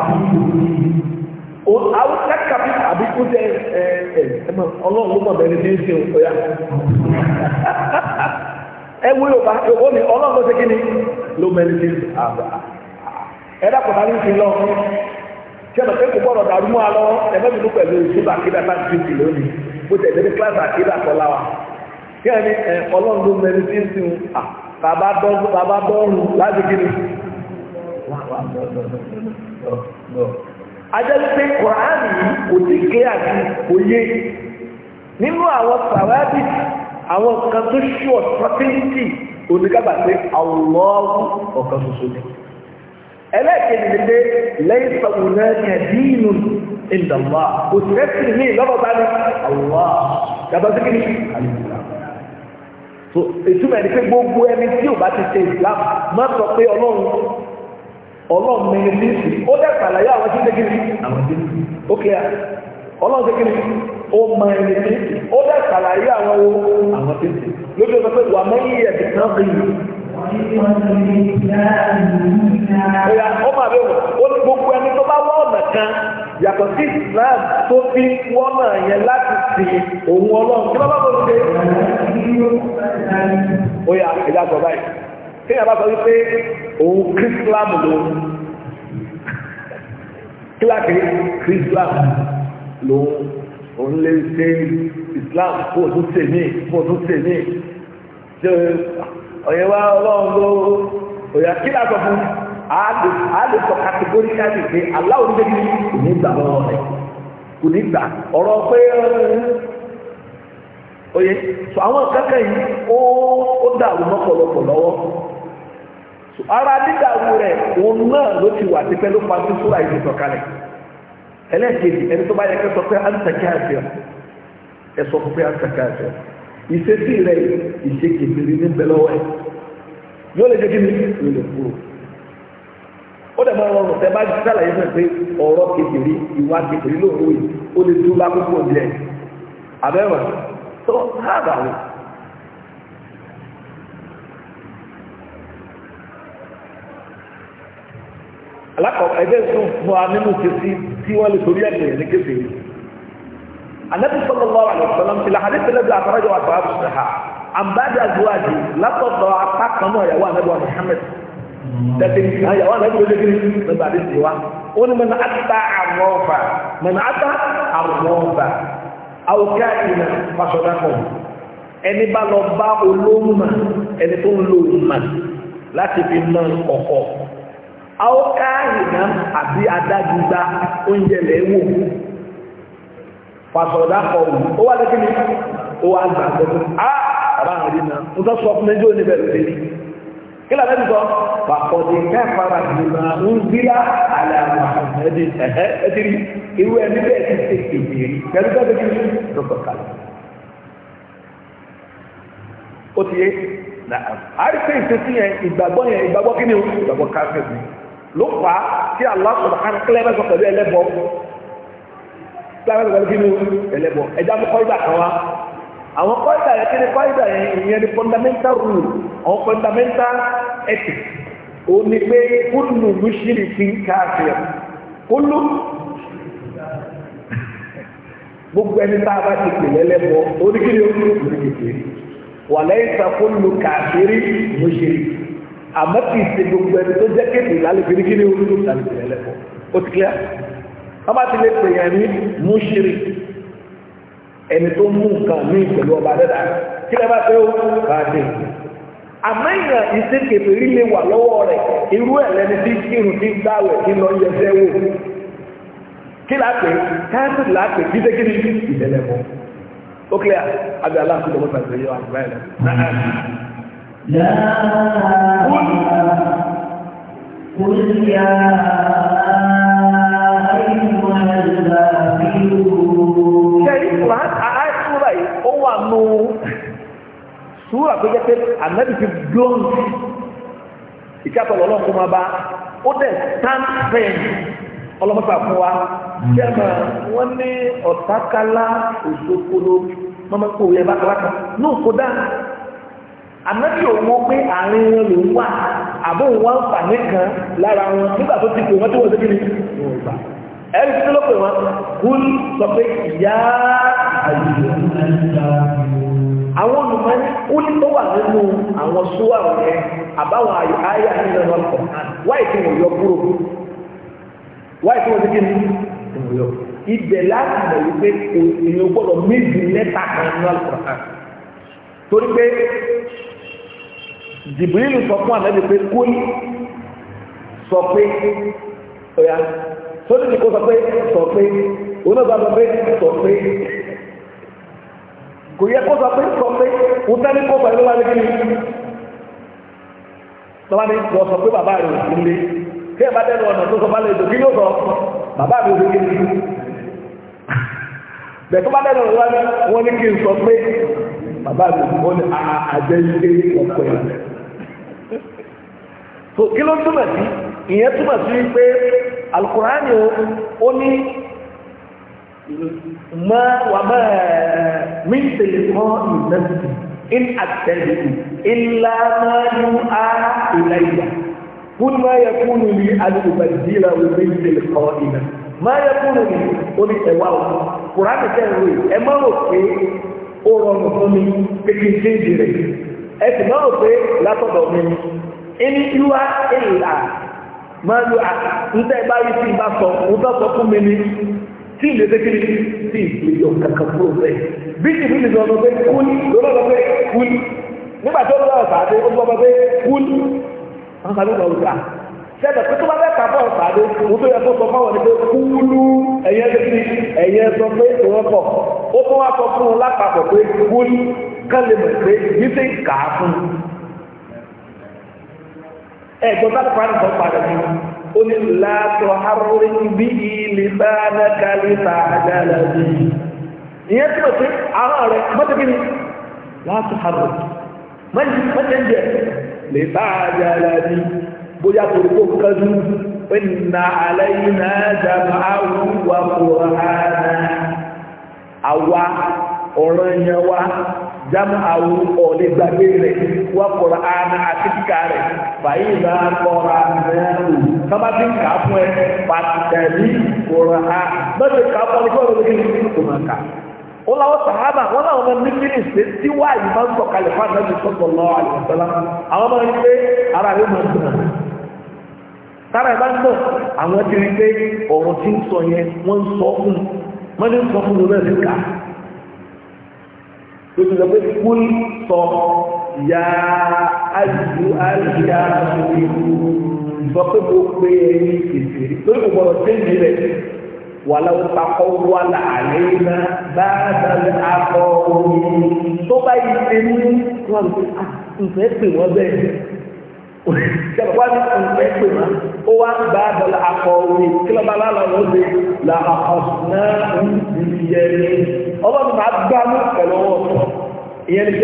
o awo kaka bi abi ko tẹ ẹ ẹ ẹ ma Ọlọ́run ló mọ bẹ́ẹ̀ ní ṣe o ya ẹ wo yorùbá o ní Ọlọ́run ló ṣe kí ni ló mọ ẹni àbá ẹ dàpọ̀ náà ní ṣe lọ sẹ́mi pé kò gbọ́dọ̀ dàrú mọ́ alọ́ ẹ̀fẹ́ mi ló pẹ̀lú ìṣúbà kí bá ti ti lónìí mo tẹ̀lé ní kílásì àkídà kọ́lá wa kí ẹni ẹ ọlọ́run ló mẹ́rin tí ń sìn à bàbá dọ́rùn láti kí ni. ajẹ́lú pé kùránì yìí kò tí ké àti òye nínú àwọn sàwábì àwọn kan tó ṣùọ̀ sọ́tíǹtì oníkàgbà àwòrán ọ̀kan ṣoṣo ni. ẹlẹ́ẹ̀kejì ni pé lẹ́yìn sọ̀rọ̀ náà dínú ndị kò sí ẹ̀sìn ni so ìtumọ̀ ẹni pé gbogbo ẹni tí ò bá ti ṣe Islam má sọ pé ọlọ́run ọlọ́run mi ní bíìsì ó dẹ̀ pàlàyé àwọn tí ń kiri àwọn tí ń ọlọ́run kiri ó mọ ẹni ó pàlàyé àwọn àwọn tí ń lójú Ìyá ọmọ àbí òun, ó ní gbogbo ẹni tó bá wá ọ̀nà kan yàtọ̀ sí Islam tó fi wọ́nà yẹn láti sìn òun ọlọ́run kí bábá bọ̀ ṣe. Ó yà ìyá àgbọ̀ báyìí. Kí yàrá sọ wípé òun Kírísílám lòun. Kíláàkì Kírísílám lòun. Òun lè ṣe Islam fún òtún tèmi fún òtún tèmi. Ṣé ọ̀yẹ̀ wa ọlọ́run ló ọ̀yà kí lásọ fún àádé sọ pé aláwọ̀ ní bẹ́ẹ̀ kò ní gbà lọ́wọ́ rẹ̀ kò ní gbà ọ̀rọ̀ pé ọ̀yẹ̀ àwọn yìí ó dàrú mọ́pọ̀lọpọ̀ lọ́wọ́ ara dídàrú rẹ̀ òun náà ló ti wà ló pa sí ẹlẹ́ẹ̀kejì ẹni tó bá yẹ kẹ́ sọ pé àṣẹ sọ fún pé àṣẹ ìṣesí rẹ̀ ìṣe kìbìrì ní bẹ̀lọ́ ẹ̀ yóò lè jẹ́ kí ni yóò lè kúrò ó dẹ̀ máa rọrùn tẹ́ bá sàlàyé fún ẹ pé ọ̀rọ̀ kìbìrì ìwà kìbìrì lóòrò yìí ó lè dúró lákòókò ìlẹ̀ àbẹ́rẹ̀ tó hábà rẹ̀ alákọ̀ọ́ ẹgbẹ́ sùn fún wa nínú kìsí tí wọ́n lè torí ẹ̀gbẹ̀rẹ̀ ní kébèrè النبي صلى الله عليه وسلم في الحديث الذي أخرجه أصحاب الصحة عن بعد أزواجه لا تضع حقا يا نبي محمد لكن هيا وانا اقول لك من بعد السوا قول من اتى عرافا من اتى عرافا او كائنا فصدقه ẹni bá lọ bá olóńgbà ẹni tó ń lo ìmà láti fi mọ ọkọ àwọn káàyè náà àbí adágúgba oúnjẹ lẹ́wọ̀ fàtọ̀dá kọ̀wù ó wà lẹ́kí ni ó wà gbà pẹ̀lú a bàbá àwọn ìdí náà ń tọ́ sọ fún ẹjọ́ oníbẹ̀ lórí kí làbẹ́ ti sọ fàtọ̀dé kẹfàrà ìgbìmọ̀ ń bílá àlàmà ẹ̀dì ẹ̀hẹ́ ẹ̀dì rí irú ẹni bẹ́ẹ̀ ti ṣe èdè rí pẹ̀lú bẹ́ẹ̀ ti rí ìgbàgbọ́ yẹn ìgbàgbọ́ kí ni o ìgbàgbọ́ káfíìn ló fà á kí Allah subhanahu wa ta'ala kílára lọ́gbàlú kí ni ẹlẹ́bọ̀ ẹja mú kọ́ídà kan wá àwọn kọ́ídà yẹn kí ni kọ́ídà yẹn ìyẹn ni fundamental rule or fundamental ethics ó ní pé kúlù lùsírì kí n káàkiri kúlù gbogbo ẹni tá a bá ti pè lẹ́lẹ́bọ̀ ó ní kí ni ó ní kékeré wà lẹ́yìn sá kúlù káàkiri lùsírì àmọ́ kì í ṣe gbogbo ẹni tó jẹ́ kékeré lálẹ́ kí ni kí ni ó ní lálẹ́ kí ó ti kílẹ̀ wọ́n bá ti lè pè yẹn ní múṣírì ẹni tó mú nǹkan ní ìpẹ̀lú ọba dẹ́dà kí lẹ́ bá fẹ́ ó káàdé àmẹ́yìn ìṣèkèfé rí lè wà lọ́wọ́ rẹ̀ irú ẹ̀ lẹ́ni tí kírun ti gbáwẹ̀ kí lọ yẹ fẹ́ wò kí lápè káàsì lápè kí ìdẹ́lẹ̀ mọ́ ó kílẹ̀ àbí aláàfin lọ́wọ́ tàbí ẹ̀yọ́ àgbà ẹ̀ lọ. قل يا sùúrà tó jẹ́ pé ànábì ti gbóhùn ìkápẹ́ lọ́lọ́run kó máa bá ó dẹ̀ stand firm ọlọ́mọ́ta fún wa jẹ́mọ̀ wọ́n ní ọ̀tákálá òṣòkòló mọ́mọ́kò yẹ bákàlákà náà kó dá ànábì òun wọ́n pé àárín wọn ló ń wà àbó wọn fà nìkan lára wọn nígbà tó ti pè wọ́n tí wọ́n ti gbìn ẹ̀rí tí ló pè wọ́n kúl sọ pé ìyá àyè àwọn olùmọ̀ ní kúlí tó wà nínú àwọn súwà rẹ̀ àbáwọn àyà nínú ọkọ̀ wáyé tí wọ́n yọ kúrò wáyé tí wọ́n ti kí ni wọ́n yọ ibẹ̀ láti mọ̀ wípé èèyàn gbọ́dọ̀ méjì lẹ́tà kan nínú ọkọ̀ torí pé jìbìrìlù sọ fún àlẹ́bí pé kúlí sọ pé ọ̀yà sọ́dún ni kò sọ pé sọ pé onígbàgbọ́ pé sọ pé kò yẹ kó sọ pé sọ pé o sẹ́ni kó pẹ̀lú wa nígbìn lọ́wọ́ ni lọ sọ pé bàbá rẹ̀ ò sí ilé tí ẹ bá dẹnu ọ̀nà tó sọ bá lè dùn kí yóò sọ bàbá rẹ̀ ò sí ilé bẹ̀ẹ́ tó bá dẹnu ọ̀nà wọn ni kí n sọ pé bàbá rẹ̀ ò ní àjẹ ilé ọ̀pọ̀ ẹ̀ so kí ló túmọ̀ sí ìyẹn túmọ̀ sí pé alukurani ó ní. ما وما من تلقاء نفسي إن أتبع إلا ما يوحى إلي قل ما يكون لي أن أبدله من تلقاء نفسي ما يكون لي قل إواو قرآن كريم أما وكي أورون فمي كتنسي جري أما وكي لا تضمني إن يوحى إلا ما يوحى أنت إبا يسي ما صوت أنت صوت مني tí ilé tẹ́kìlì tí ìgbèjọ kankan fúrò bẹ́ẹ̀ bí ìbí ní sọ pé kún lọ́lọ́ pé kún nígbà tó lọ́wọ́ sàádé ó sọ pé kún wọn kà ló lọ wùdà sẹ́dọ̀ pé tó bá fẹ́ kà fọ́ sàádé mo tó yẹ kó sọ fáwọn ẹni pé kúlú ẹ̀yẹ tẹ́kìlì ẹ̀yẹ sọ pé ìwọ́n pọ̀ ó tún wá sọ fún un lápapọ̀ pé kún kán lè mọ̀ pé yìí ti kà á fún un ẹ̀gbọ́n tá ó ní látọ̀ harúrí bí ilé bá nákàlẹ̀ tààdàlà bí ìyẹn tí ó ti àwọn rẹ̀ mọ́tẹ́kì ni látọ̀ harúrí mọ́tẹ́jẹ̀ lè tààdàlà bí bóyá kò kó kájú inna alayna jama'ahu wa qur'ana àwa ọ̀rọ̀ yẹn jamu awo ọ̀lẹ́ gbàgbé rẹ̀ wà kọ̀ra ana àti kíkà rẹ̀ fàyè bá kọ̀ra mẹ́rù sábà ti fún ẹ a mẹ́tò ka á fún ọdún tó lórí kò máa kà. wọ́n làwọn sàhábà wọ́n sọ kalẹ̀ fún àwọn ọmọ yìí pé ara máa ń sára ń àwọn ti rí pé ọ̀rọ̀ tí ń sọ yẹn wọ́n ń lójú lọ pé kúl sọ ya ayu aliya ìlú sọ pé mo pe ẹni kékeré lórí mo gbọ́dọ̀ tẹ mi rẹ wàlá wo kakọ wà láàyè iná bá dàbí akọ omi tó bá yí ṣe ní wọn àti nfẹẹ pè wọn bẹ́ẹ̀ jẹ̀bọ́n ní nǹkan pè mọ́ ó wá gba àbẹ̀lẹ̀ akọ̀wé kílọ̀bà lálàá ó de là àkọsùnà ìyẹ̀lẹ̀ ọlọ́run máa gbá mú pẹ̀lú ọwọ́ ọ̀tọ̀ ìyẹn ni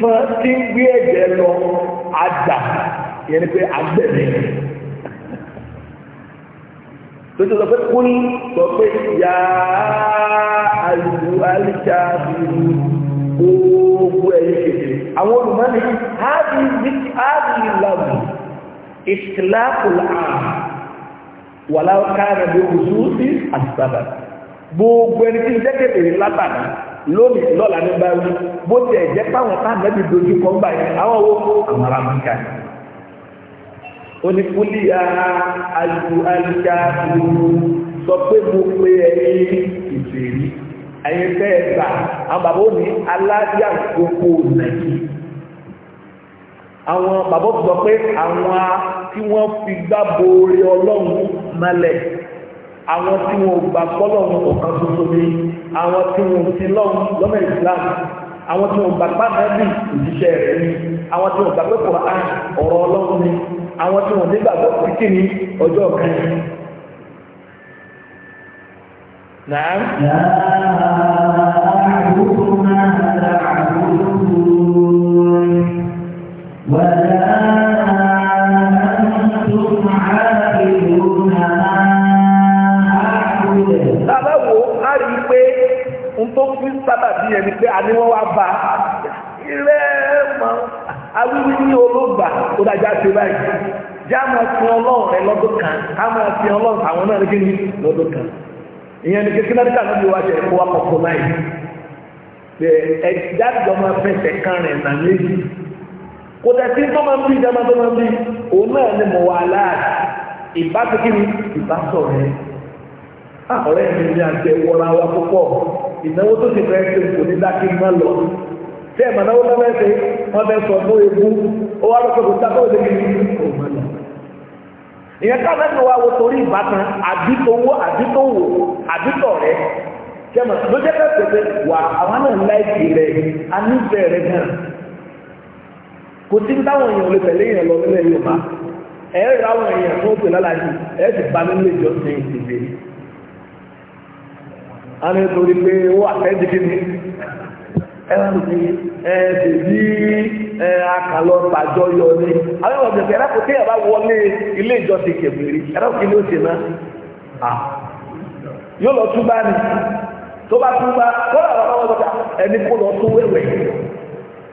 pé tí ń gbé ẹ̀jẹ̀ lọ àdà ìyẹn pé àgbẹ̀rẹ̀ lójú lọ pé kúni sọ pé yá àlù àlìjà bìrù gbogbo ẹ̀yìn kejì àwọn olùmọ́ni ábìlì lọ́wọ́ ìtìláàkùlà wàlá káàrà bí oṣù sí àtìsábà gbogbo ẹni tí ń jẹ́ kébèrè látàrí lónìí lọ́la ní báyìí bó tiẹ̀ jẹ́ páwọn táàmẹ́bì dojú kọ́ ń báyìí àwọn owó àwọn mú káyìí onífúlì ara alu alika lulu sọ pé mo pe ẹ̀yin ìbéèrè ẹ̀yin fẹ́ gbà àwọn bàbá òní alájà gbogbo nàìjí àwọn bàbá sọ pé àwọn tí wọ́n fi gbá boore ọlọ́run mọ́lẹ̀ àwọn tí wọn ò gbà fọlọ́run ọ̀kan tuntun ni àwọn tí wọn ò sin lọ́run lọ́mọ ìsìlámù àwọn tí wọn ò gbà pàmẹ́lì òjíṣẹ́ rẹ̀ ni àwọn tí wọn ò gbà pé kò á ni àwọn tí wọ́n nígbàgbọ́ títí ní ọjọ́ kan yìí. Nàám. Lábáwo, a rí i pé n tó fi sábà bí ẹni pé a wá bá. Ilé ẹ̀ máa Awiri ní olóògbà ó dájá ṣe báyìí já máa fi ọlọ́run rẹ lọ́dún kan á máa fi ọlọ́run àwọn náà rí kíni lọ́dún kan ìyẹn ni kékeré náà nígbà wá jẹ kó wá kọ̀ọ̀kan báyìí ẹ jáde ọmọ fẹsẹ̀ kan rẹ̀ nà méjì kò tẹ̀sí tó máa ń bí ìjọba tó máa ń bí òun náà ni mo wà láàyè ìbáṣe kíni ìbáṣọ̀rẹ́ ah, ọ̀rẹ́ mi ni àti wa ti tẹ ẹ mọ̀nà wọlé lẹ́sẹ̀ wọn bẹ sọ fún ó wà ta ìyẹn ká lẹ́nu wa wo torí ìbátan wà àwọn náà náà kò sí táwọn èèyàn lè tẹ̀lé lọ nílẹ̀ Yorùbá ẹ̀ ẹ́ ra àwọn a torí ẹ̀rọ mi ẹ̀ẹ́dẹ̀bí akàlọ́ pàjọ yọ ní. àwọn ọ̀gbìn ìgbà ẹ̀rọ kò tí yàrá wọlé ilé ìjọsìn kẹ̀mìrì ẹ̀rọ kí ni ó ṣe náà yóò lọ tún bá ní tó bá tún bá kó lọ àwọn ọmọ ọgbà ẹni kó lọ tún wẹ̀wẹ̀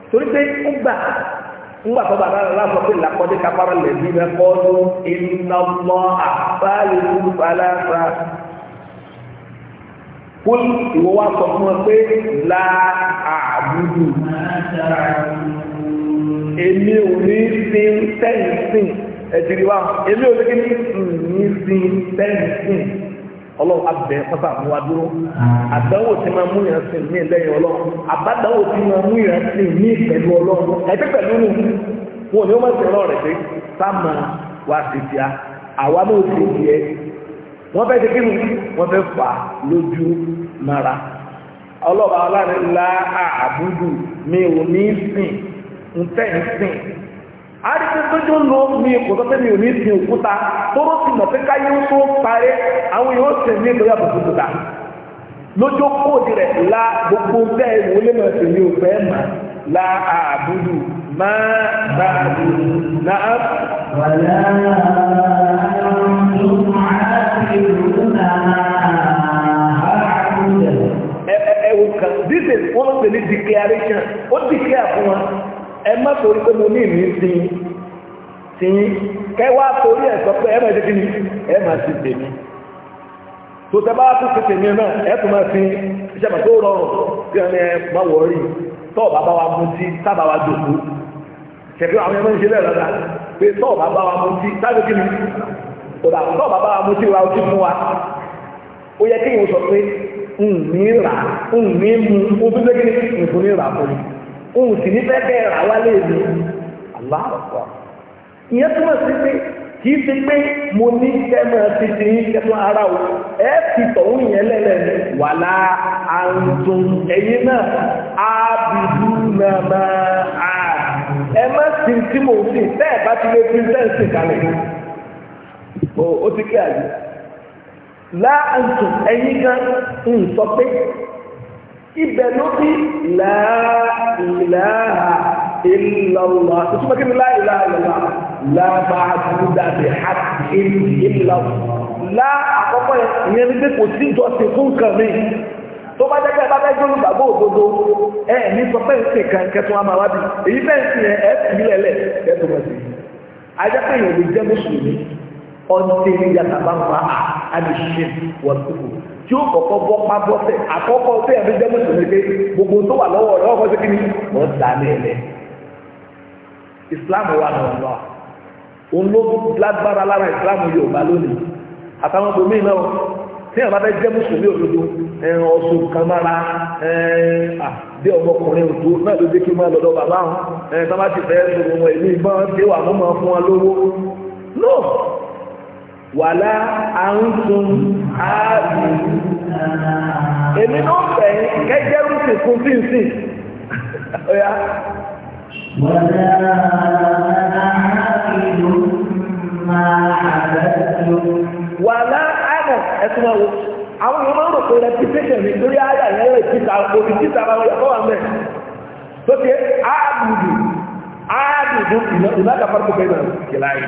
torí pé ó gbà ngba tó bàbá rẹ lásán pé làkọ́dé kápára lè bí ló iná mọ́ àbáyé fún balasa kó ìwọ wá sọ fún ọ pé la àbúdù èmi ò ní sin tẹ́ǹsìn ẹ̀dìrí wa èmi ò ní ní sin tẹ́ǹsìn ọlọ́run abẹ pápá àmúwa dúró àdánwò tí máa mú yàn sìn ní ẹlẹ́yìn ọlọ́run àbádánwò tí máa mú yàn sìn ní pẹ̀lú ọlọ́run ẹ̀dí pẹ̀lú nù wọn ò ní wọ́n ti rọ̀ rẹ̀ pé sáà máa wá sí ti a àwa náà ti di ẹ wọ́n fẹ́ tẹ́kí mi wọ́n fẹ́ fà lójú mara ọlọ́ba ọlọ́run la àbúdù mi ò ní sìn ń tẹ́ ń sìn àdìsí tójú ló mi kò tọ́tẹ́ mi ò ní sìn òkúta tóró sì mọ̀ pé káyé ń tó parí àwọn yóò sìn ní ìgbéyà bùkún òkúta lójó kóòdì rẹ̀ la gbogbo bẹ́ẹ̀ wò lé mọ̀ sí mi ò fẹ́ mà la àbúdù má bàbí náà this is one of the declaration ó declare fún wa ẹ má torí pé mo ní ìní sí i sí i kẹwàá torí ẹ sọ pé ẹ máa ṣe kí ni ẹ máa ṣe tèmi tó tẹ bá tó ṣe tèmi náà ẹ tún máa fi iṣẹ́ bàtó rọrùn bí wọn ẹ má wọrí tọ́ọ̀ bàbá wa mú sí sábà wa jòkó ṣẹ̀fẹ́ àwọn ẹ̀mọ́ ìṣẹ̀lẹ̀ rẹ̀ rà pé tọ́ọ̀ bàbá wa mú sí sábà kí ni kódà náà bàbá wa mú sí wa ojú fún wa ó yẹ kí n sọ pé n ní rà n ní mu ó fi lé kí n fún ní rà fún mi n sì ní fẹ́ kẹ́ rà wálé mi aláàbọ̀ ìyẹn túmọ̀ sí pé kì í ṣe pé mo ní kẹ́mọ̀ ti ti ń kẹ́tọ́ ara o ẹ fi tọ̀hún yẹn lẹ́lẹ̀ wà láà àǹtùn ẹ̀yìn náà ábìdú náà máa ẹ má sì tí mo sì tẹ́ ẹ̀ bá ti lè fi sẹ́ǹsì kalẹ̀ ó ti kí àjò láàntùn ẹ̀yìn gan ń sọ pé ibẹ̀ ló bí láàlá ìlọ́lá ìtumọ̀ kí ni láàlá ìlọ́lá lábàdúdà bí hàtì ìlọ́lá lá àkọ́kọ́ ìyẹn ní pé kò sí ìjọsìn fún nǹkan mi tó bá jẹ́jẹ́ bá bẹ́ẹ̀ gbóòrùn gbàgbó òdodo ẹ ní sọ pé ń sìn kan kẹtùn àmà wá bí èyí bẹ́ẹ̀ ń sìn ẹ ẹ fi lẹ́lẹ̀ kẹtùn wá sí i ajá pé èèyàn lè jẹ́ mùsùlùmí ọ̀ntẹ́ yàtà bá fa a àdìsí wọ́n tóbu tí ó kọ́kọ́ bọ́ pa bọ́ sẹ́ àkọ́kọ́ sẹ́ ẹ̀mí jẹ́ mùsùlùmí pé gbogbo tó wà lọ́wọ́ rẹ̀ ọkọ̀ sẹ́kìnì wọ́n dà ní ẹ̀lẹ́ Islam wà lọ́wọ́ lọ́wọ́ òun lára Islam Yorùbá lónìí àtàwọn bòmí náà tí àwọn abẹ́ jẹ́ mùsùlùmí òdodo ọ̀sùn kan mára bí ọmọkùnrin òdo náà ló dé kí wọ́n lọ́dọ̀ bàbá wọn tábà ti fẹ́ sọ̀rọ̀ wọn ìlú ìbọn tí wà fún wọn lówó wàlá àǹtún ààbì èmi náà fẹ́ kẹ́jẹ́ rúùsì fún fíǹsì ọ̀yá. wàlá àǹtún wàlá àgà ẹ̀sùn àwọn àwọn èèyàn máa ń rò pé reputation mi torí àyà yẹn rẹ̀ títà òbí títà ara rẹ̀ kọ́ wà mẹ́ tó ṣe áàbùdù áàbùdù ìlànà farko bẹ́ẹ̀ náà kìláyìí.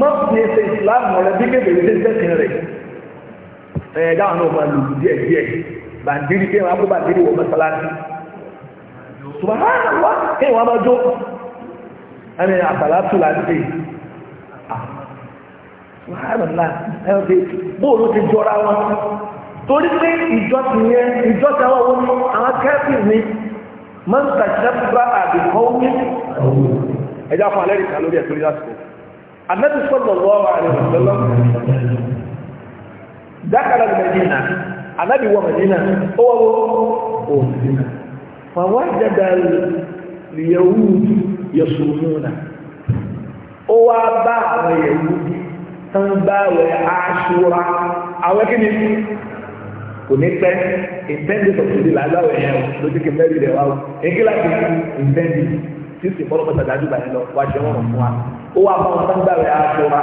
mọ́tì ṣe ìsìláàmù rẹ bí kébèrè ṣe ṣẹ́sìn rẹ̀ ẹ̀ dáhùn náà máa lù díẹ̀ díẹ̀ bàǹdírí pé wọn á kó bàǹdírí wọ mọ́sálásí subahana wa kí wọn máa jó ẹni àbàlá tù láti subahana ẹni pé bóòlù ti jọra wọn torí pé ìjọsìn yẹn ìjọsìn àwọn wọn àwọn kẹ́ẹ̀kì ni mọ́tà ṣẹ́fúra àbíkọ́ wí ẹjọ́ fún alẹ́ ìkàlórí ẹ̀ torí lásìkò. النبي صلى الله عليه وسلم دخل المدينة النبي ومدينة هو ومدينة فوجد اليهود يصومون هو باع يهود تنباع عاشوراء àwọn kí ni kò ní pẹ́ ìpẹ́ndì tọ̀tùdì làláwọ̀ ẹ̀yẹ o lójú kí mẹ́rin rẹ̀ wá o èyí kí láti ìpẹ́ndì tí sì mọ́lọ́mọ́ta dájú báyìí lọ wá ṣe wọ́n fún wa ó wá bá wọn tó ń gbà aṣọra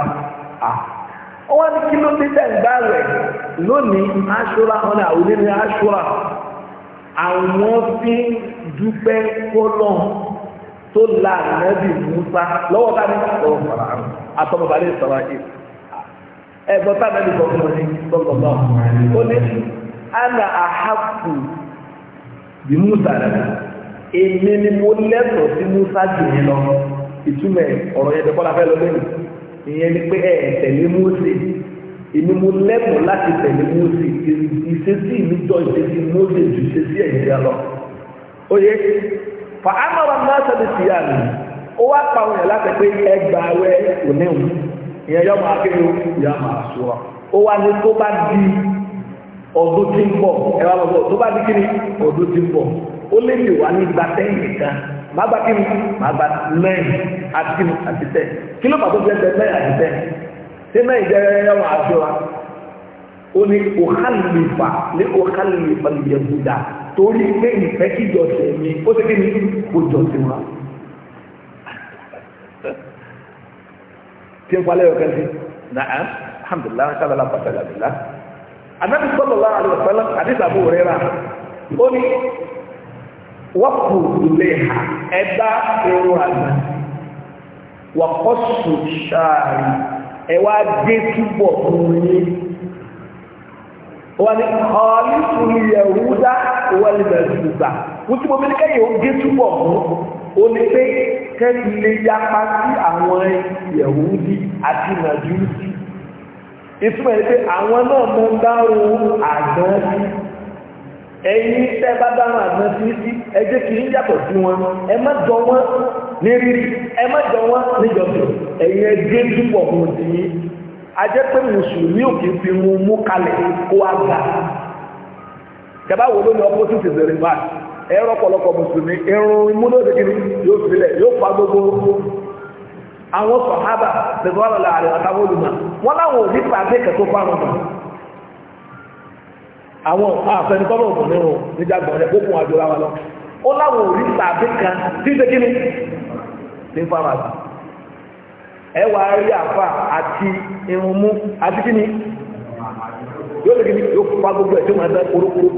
wá ní kí ló dé tẹ̀ lónìí aṣọra wọn ni àwọn aṣọra àwọn fi dúpẹ́ fọlọ́ tó la nàbì Musa lọ́wọ́ ká ní sọ̀rọ̀ fara àrùn àtọ́mọ̀bàlẹ̀ sọ̀rọ̀ yìí ẹ̀gbọ́n tá sọ̀rọ̀ ní ana Musa rẹ̀ èmi ni mo lẹ́tọ̀ọ́ sí Musa jù ìtumẹ̀ ọ̀rọ̀ yẹn tẹ́kọ́ la fẹ́ lọ lẹ́nu ìyẹn ni pé ẹ tẹ̀lé Mósè èmi mo lẹ́mọ̀ láti tẹ̀lé Mósè ìṣesí mi jọ ìṣesí Mósè ju ìṣesí ẹ̀yìn lọ. oyè fa amara náà sẹ́ni sí àná ó wá pa òun yẹn láti pé ẹgbà wẹ òní òun ìyẹn yọ máa kéde o yà máa sọ wa ó wá ní tó bá di ọdún tí ń bọ̀ ẹ wá lọ bọ̀ tó bá di kí ni ọdún tí ń bọ̀ ó lé mi wá ní gbatẹ́yìn kan máa gba kíni máa gba mẹ́rin àti kíni àti tẹ́ kí ló pàtó jẹ́ mẹ́rin àti tẹ́ ṣé mẹ́rin jẹ́ ẹ̀wọ̀n àjọra ó ní òhálìfà ní òhálìfà lìyẹ̀bùdà torí pé ìfẹ́ kíjọ tẹ̀ mí ó ṣe kí ni kò jọ sí wa. tí n falẹ̀ yọ̀ kẹ́sì náà alhamdulilah sábàlá pàtàkì àbílá. anábì sọ́lọ́lá àlùfáà àdìsàbò rẹ̀ rà ó ní wọ́pù ìlé ha ẹ̀bá irun àgbà wàkọ́sù ṣáàrì ẹ̀wà dé túbọ̀ nìyí wọ́n ní ọ̀ọ́lì fún yẹ̀wúdá wọ́n lè dùgbà wọ́n tí mo fi ní kẹ́yìn ó dé túbọ̀ mú ó ní pé kẹ́yìn lè yapa sí àwọn yẹ̀wúdí àti nàìjíríì ìtumọ̀ ní pé àwọn náà mú dárò àgbọ̀n Eyi tẹ bá dáhùn àgbọn sí sí ẹ jẹ́ kí n sí wọn ẹ má jọ wọn ní rírí ẹ má jọ wọn níjọsìn ẹ̀yin ẹ gé túbọ̀ mọ̀ sí i pé mùsùlùmí fi mu mú kó a gbà jaba wo ló ní opposite is the reverse ẹ̀rọ pọ̀lọpọ̀ mùsùlùmí irun imúlòdìkiri yóò filẹ̀ yóò fa gbogbo àwọn wọn àwọn àfẹnikọ́lọ̀ ògùn nínú níjàgbọ̀n rẹ̀ kókùn àjọra wa lọ ó láwọn òrí tàbí kan tí ń ṣe kí ni ní fámàsì ẹ wà á rí àfà àti irun mú àti kí ni yóò lè kí ni yóò fa gbogbo ẹ̀ tí wọ́n ń bẹ́ kórókóró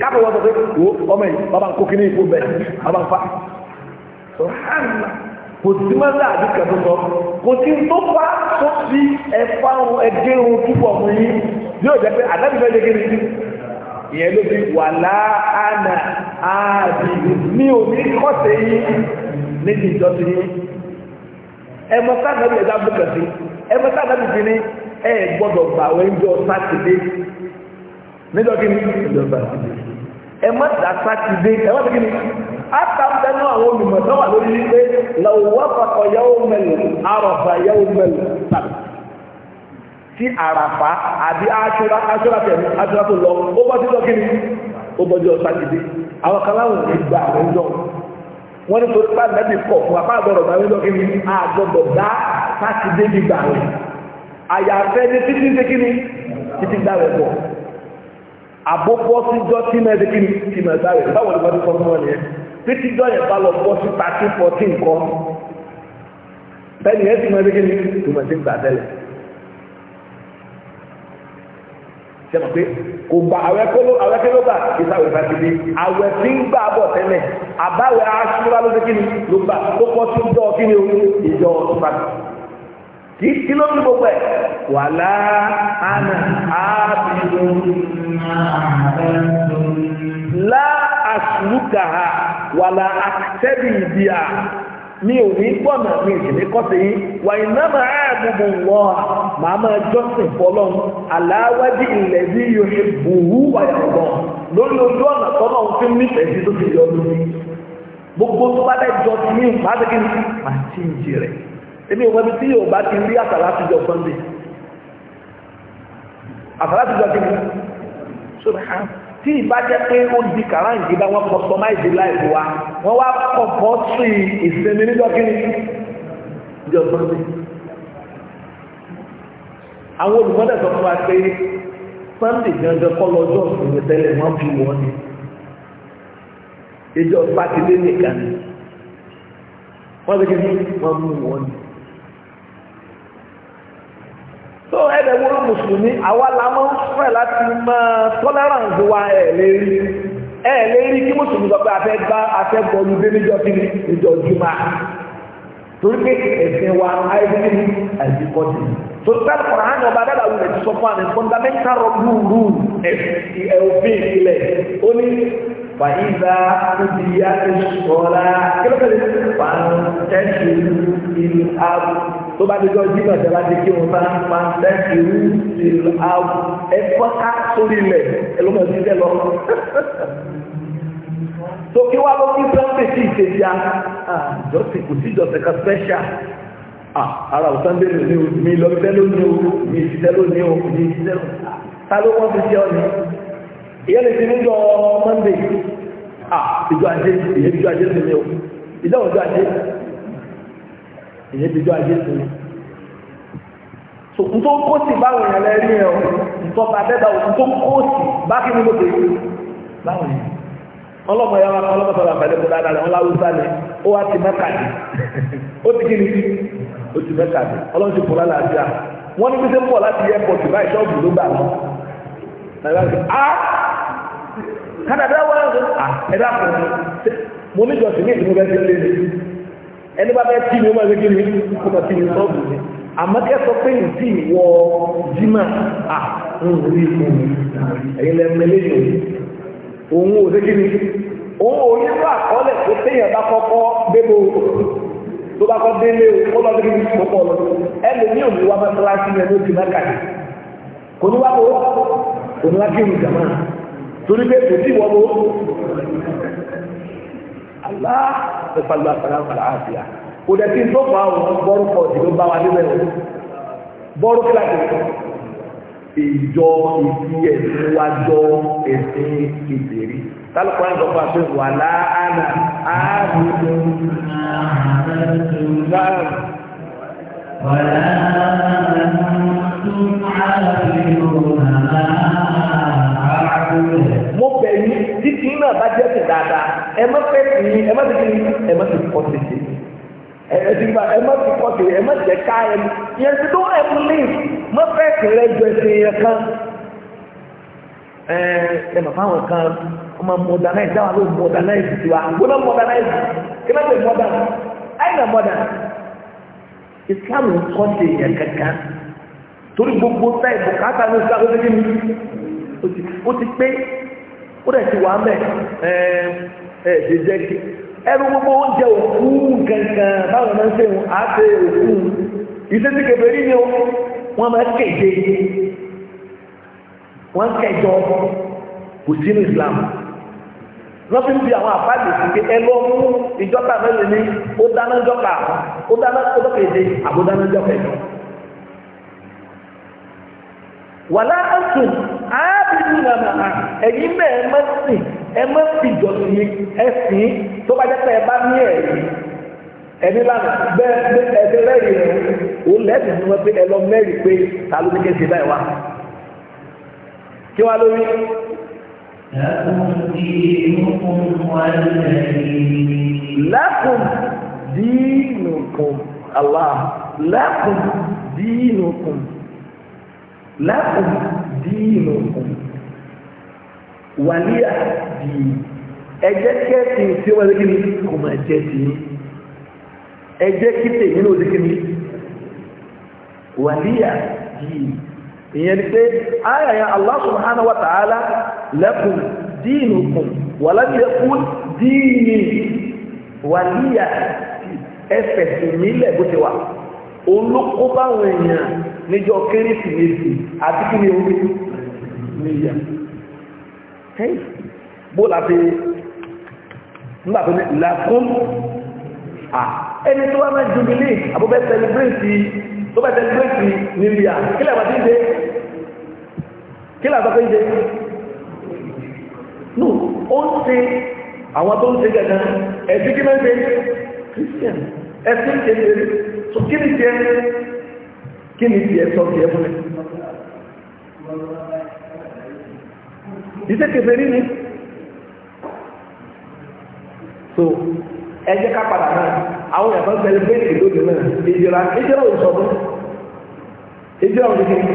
káàpọ̀ wọ́n sọ pé wo ọmọ yìí bàbá ń kó kí ní ìfún bẹ́ẹ̀ bàbá ń fa kò sí mẹ́ta àdìkẹ́ tó sọ kò sí tó fa tó fi ẹ̀fá ẹgbẹ́ ohun túbọ̀ mú yín yóò jẹ́ pé àdábì fẹ́ dégé ní ìyẹn ló fi wà láàánà ààbì mi ò ní kọ́sẹ̀ yín níbi ìjọsìn yín ẹmọ sáàdàbì ẹ̀dá bùkẹ̀sì ẹmọ sáàdàbì fi ní ẹ gbọ́dọ̀ gbà wọ́n ń jọ sátidé níjọ́ kí ni ìjọba sátidé ẹ má dá sátidé ẹ má dá kí ni àtàbẹ̀ náà àwọn olùmọ̀tọ́ wà lórí wípé lọ́wọ́ pàtó yẹ́wò mẹ́lì àròfà yẹ́wò mẹ́lì tàbí tí àràfà àbí aṣọra aṣọra tẹ̀lé aṣọra tó lọ ó bọ́ sí lọ́kìnrin ó bọ́ sí ọ̀sátidé àwọn kan láwọn ò gbà àwọn ìjọ wọn nítorí pé àgbẹ̀bí kọ̀ fún apá àgbọ̀rọ̀ gbà wọn lọ́kìnrin àgbọ̀dọ̀ dá sátidé gbígbà rẹ̀ àyàfẹ́ ní títí ṣe àbóbọ́ síjọ́ tí mẹ́ẹ̀dì kí ni tí mẹ́ẹ̀dì sáré báwo ni wọ́n ti sọ fún wọn yẹn títí jọ yẹn bá lọ bọ́ sí tàtí fọ́tí nǹkan bẹ́ẹ̀ni ni tí mẹ́ẹ̀dì ń gbà tẹ́lẹ̀ ṣe mọ̀ pé kò gba àwẹ̀ kóló àwẹ̀ kóló gbà ìsàwẹ̀ fàtìlì àwẹ̀ tí ń gbà bọ̀ tẹ́lẹ̀ àbáwẹ̀ aṣúra ló ti ni ló gbà tó pọ́ sí jọ kí ni ìjọ fàtìlì kìí kí ló ń gbogbo ẹ̀ wà láàánà ábìrò láàṣùrùkà wà láàṣẹ́bì ìdí à mi ò ní gbọ́nà mi ì sì ní kọ́ sí yín wà iná máa gbogbo wọn màá máa jọ́sìn fọlọ́n aláwájú ilẹ̀ bí yóò ṣe bùrú wàyàwọ̀ lórí ojú ọ̀nà tọ́lọ́ ń fi nífẹ̀ẹ́ sí tó ti yọ lórí gbogbo tó bá dẹ́ jọ sí mi màá kí ni màá tí ì jì rẹ̀ èmi ò mọbi tí yóò bá ti rí àtàlá ti jọ sunday àtàlá ti jọ ti mú so ha ah, tí ìbá jẹ́ pé ó di kàráǹgì bá wọn customize life wa wọn wá kọkọ sí ìsinmi níjọ́ kí jọ sunday àwọn olùmọdé sọ fún wa pé sunday gangan kọ́ lọ́jọ́ ìsinmi tẹ́lẹ̀ wọn fi wọn ni ìjọ sátidé nìkan ni wọ́n ti kí ni wọ́n mú wọn ni. so ẹ̀dẹ̀ wo mùsùlùmí àwa la máa ń fẹ́ láti máa tolerance wa ẹ̀ lérí ẹ̀ lérí kí mùsùlùmí sọ pé afẹ́ bá afẹ́ bọ́ọ̀lù dé níjọ́ kiri níjọ́ jùmọ̀ torí pé ẹ̀sìn wa àìsí àìsíkọ́tì so tẹ́lẹ̀ kọ̀ọ̀rọ̀ hàn ọba dada wulẹ̀ ti sọ fún àná fundamental rule rule ẹ̀fìn ilẹ̀ ó ní fàyíza níbi yá ti sọ̀rọ̀ kí ló fẹ́ẹ́ fà ń tẹ́sí ìlú àbúrò tó bá dé jọ́jú náà tẹ́ bá dé kí wọn bá ń pa lẹ́sì rú ìlú àwọn ẹ̀fọ́ ká sórí ilẹ̀ ẹlọ́mọ sí ilẹ̀ lọ. tó kí wá lókí sọ́ńdé sí ìkejì á jọ́sìn kò sí jọ́sìn kan special ara ò sọ́ńdé lónìí o mi lọ sí lónìí o mi ìṣiṣẹ́ lónìí o mi ìṣiṣẹ́ lónìí ta ló wọ́n fi ṣe ọ ni ìyẹn lè ti ní jọ Monday ìjọ ajé ìyẹn ìjọ ajé lónìí o ìjọ ìjọ ajé èyí ti jọ ayé tó yẹ tòkùn tó kó sí báwọn èèyàn lẹ́rí ẹ̀ ọ́ ìtọ́ta bẹ́ẹ̀ òkùn bá kí ni mo tẹ̀ yé báwọn èèyàn ọlọ́mọ yà wá ọlọ́mọ sọ̀rọ̀ àbẹ̀lẹ̀ kó dáadáa lẹ́wọ́n láwùsá ni ó wá ti mẹ́ka dé ó ti kí ni ó ti mẹ́ka dé ọlọ́run ti kúrò àlàáfíà wọ́n ní bí sẹ́ ń bọ̀ láti báyìí ló gbà lọ wọ́n ẹ̀ níjọ́sìn ní ìdúró bẹ́ẹ̀ ti lé ní ẹni bá bẹ́ẹ̀ tí mi wọ́n gbé mi kó bá tí mi sọ́ọ̀bù mi àmọ́ kí ẹ sọ pé ìdí ìwọ jimá à ń rí fún mi ẹ̀yin lẹ́nu eléyìí òun ò sé kí ni òun ò nílò àkọọ́lẹ̀ tó téèyàn bá kọ́kọ́ débò tó bá kọ́ délé o ó lọ sí ibi tó pọ̀ lọ ẹlòmíì ò ní wá mọ́sálásí ní ẹni ó ti má kàdé kò ní wá bò ó kò ní wá kí ìrù jàmá torí pé kò sí ìwọ bò Allah àtẹ̀fàlùwà sàlámàlà àfíà kò dẹ̀ tí tó fà àwọn bọ́rù pọ̀ jù ló bá wa níbẹ̀ rẹ̀ bọ́rù kíláàsì ìjọ ìfi ẹ̀sìn wájọ ẹ̀sìn ìbèrè tálùkọ́ ẹ̀ lọ́pàá pé wà láàánà ààbùdó náà wà láàánà tó máa fi hàn án ààbùdó tìyín náà bá jẹ́ sí dáadáa ẹ má fẹ́ tìyín ẹ má ti tìyín ẹ má ti kọ́ tètè ẹ ti gba ẹ má ti kọ́ tètè ẹ má jẹ́ ká ẹ yẹn ti tó ẹ mú lẹ́yìn má fẹ́ tìrẹ ju ẹsẹ̀ yẹn kan ẹ ẹ màmá àwọn kan ọmọ modernize dáwà ló modernize tiwa gbọ́dọ̀ modernize kí náà lè modern ayé na modern Islam ń kọ́ tètè yẹn kankan torí gbogbo táyì bùkátà ní Islam ó ti pé. ó dẹ̀ ti wà mẹ́ ẹ ẹ kí ẹnu gbogbo oúnjẹ òkú kankan báwọn máa ṣe wọn á ṣe òkú iṣẹ́ tí ni wọ́n máa kéde wọ́n kẹjọ kò sí ní Islam fi ń bi àwọn àbájọ ìsìnkè ẹ ìjọba wàlá àtùn ábìrì nàmà ẹ̀yin náà ẹ má sìn ẹ má fi jọ̀sìn ẹ sìn tó bá jẹ́ pé ẹ bá ní ẹ̀rí ẹni lánàá bẹ́ẹ̀ bí ẹsẹ̀ lẹ́yìn rẹ̀ ó lẹ́sìn ní wọ́n pé ẹ lọ mẹ́rin pé ta ló ní kéde báyìí wá. kí wá lórí. lákùn di nùkùn wàlẹ́yìn. lákùn di nùkùn Allah lákùn di nùkùn lákùn díìnù kùn wàlíà dì ẹjẹ kẹsì tí wọn lékè ní kò máa jẹ sí i ẹjẹ kíte nínú lékè ní wàlíà dì ìyẹn ni pé ayàyà Allah subhanahu wa ta'ala lakum dinukum walam yakun dìínì wàlíà ẹfẹ̀sìn nílẹ̀ bó ti wà olókó báwọn èèyàn níjọ kérésìmesì àti kí ni orí níyà bó láti nígbà tó ní làkún ẹni tó wá máa jubilé àbúbẹ́ sẹlẹbírẹ́tì tó bẹ́ sẹlẹbírẹ́tì níyà kí làwọn ti ń dé kí làwọn tó ń dé no ó ń se àwọn tó ń ṣe gẹ̀gẹ̀ ẹ̀sìn kí máa ń ṣe christian ẹ̀sìn kí ni tiẹ̀ sọ tiẹ̀ fún mi. Ìṣe kèfèrí ni. So ẹ jẹ́ ká padà náà àwọn ìyàtọ̀ sẹlẹ̀ bẹ́ẹ̀ ìlú òde náà ìjọra ìjọra òṣọ́dún ìjọra òṣèlú.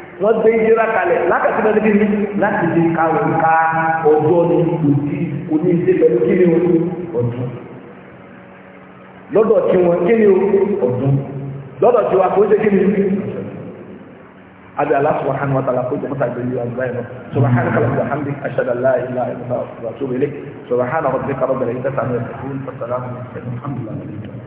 wọ́n gbé ìdíra kalẹ̀ lákàtí bẹ́ẹ̀ níbi ní láti di kàwé ká ọjọ́ ní ìdí oníṣẹ́ pẹ̀lú kí ni ọdún lọ́dọ̀ tí wọ́n kí ni ọdún lọ́dọ̀ tí wọ́n kó ṣe kí ni أدى الله سبحانه وتعالى كل متعب لي وأنزاينه سبحانك اللهم وبحمدك أشهد أن لا إله إلا أنت وأتوب إليك سبحان ربك رب العزة عما يصفون والسلام على المرسلين الحمد لله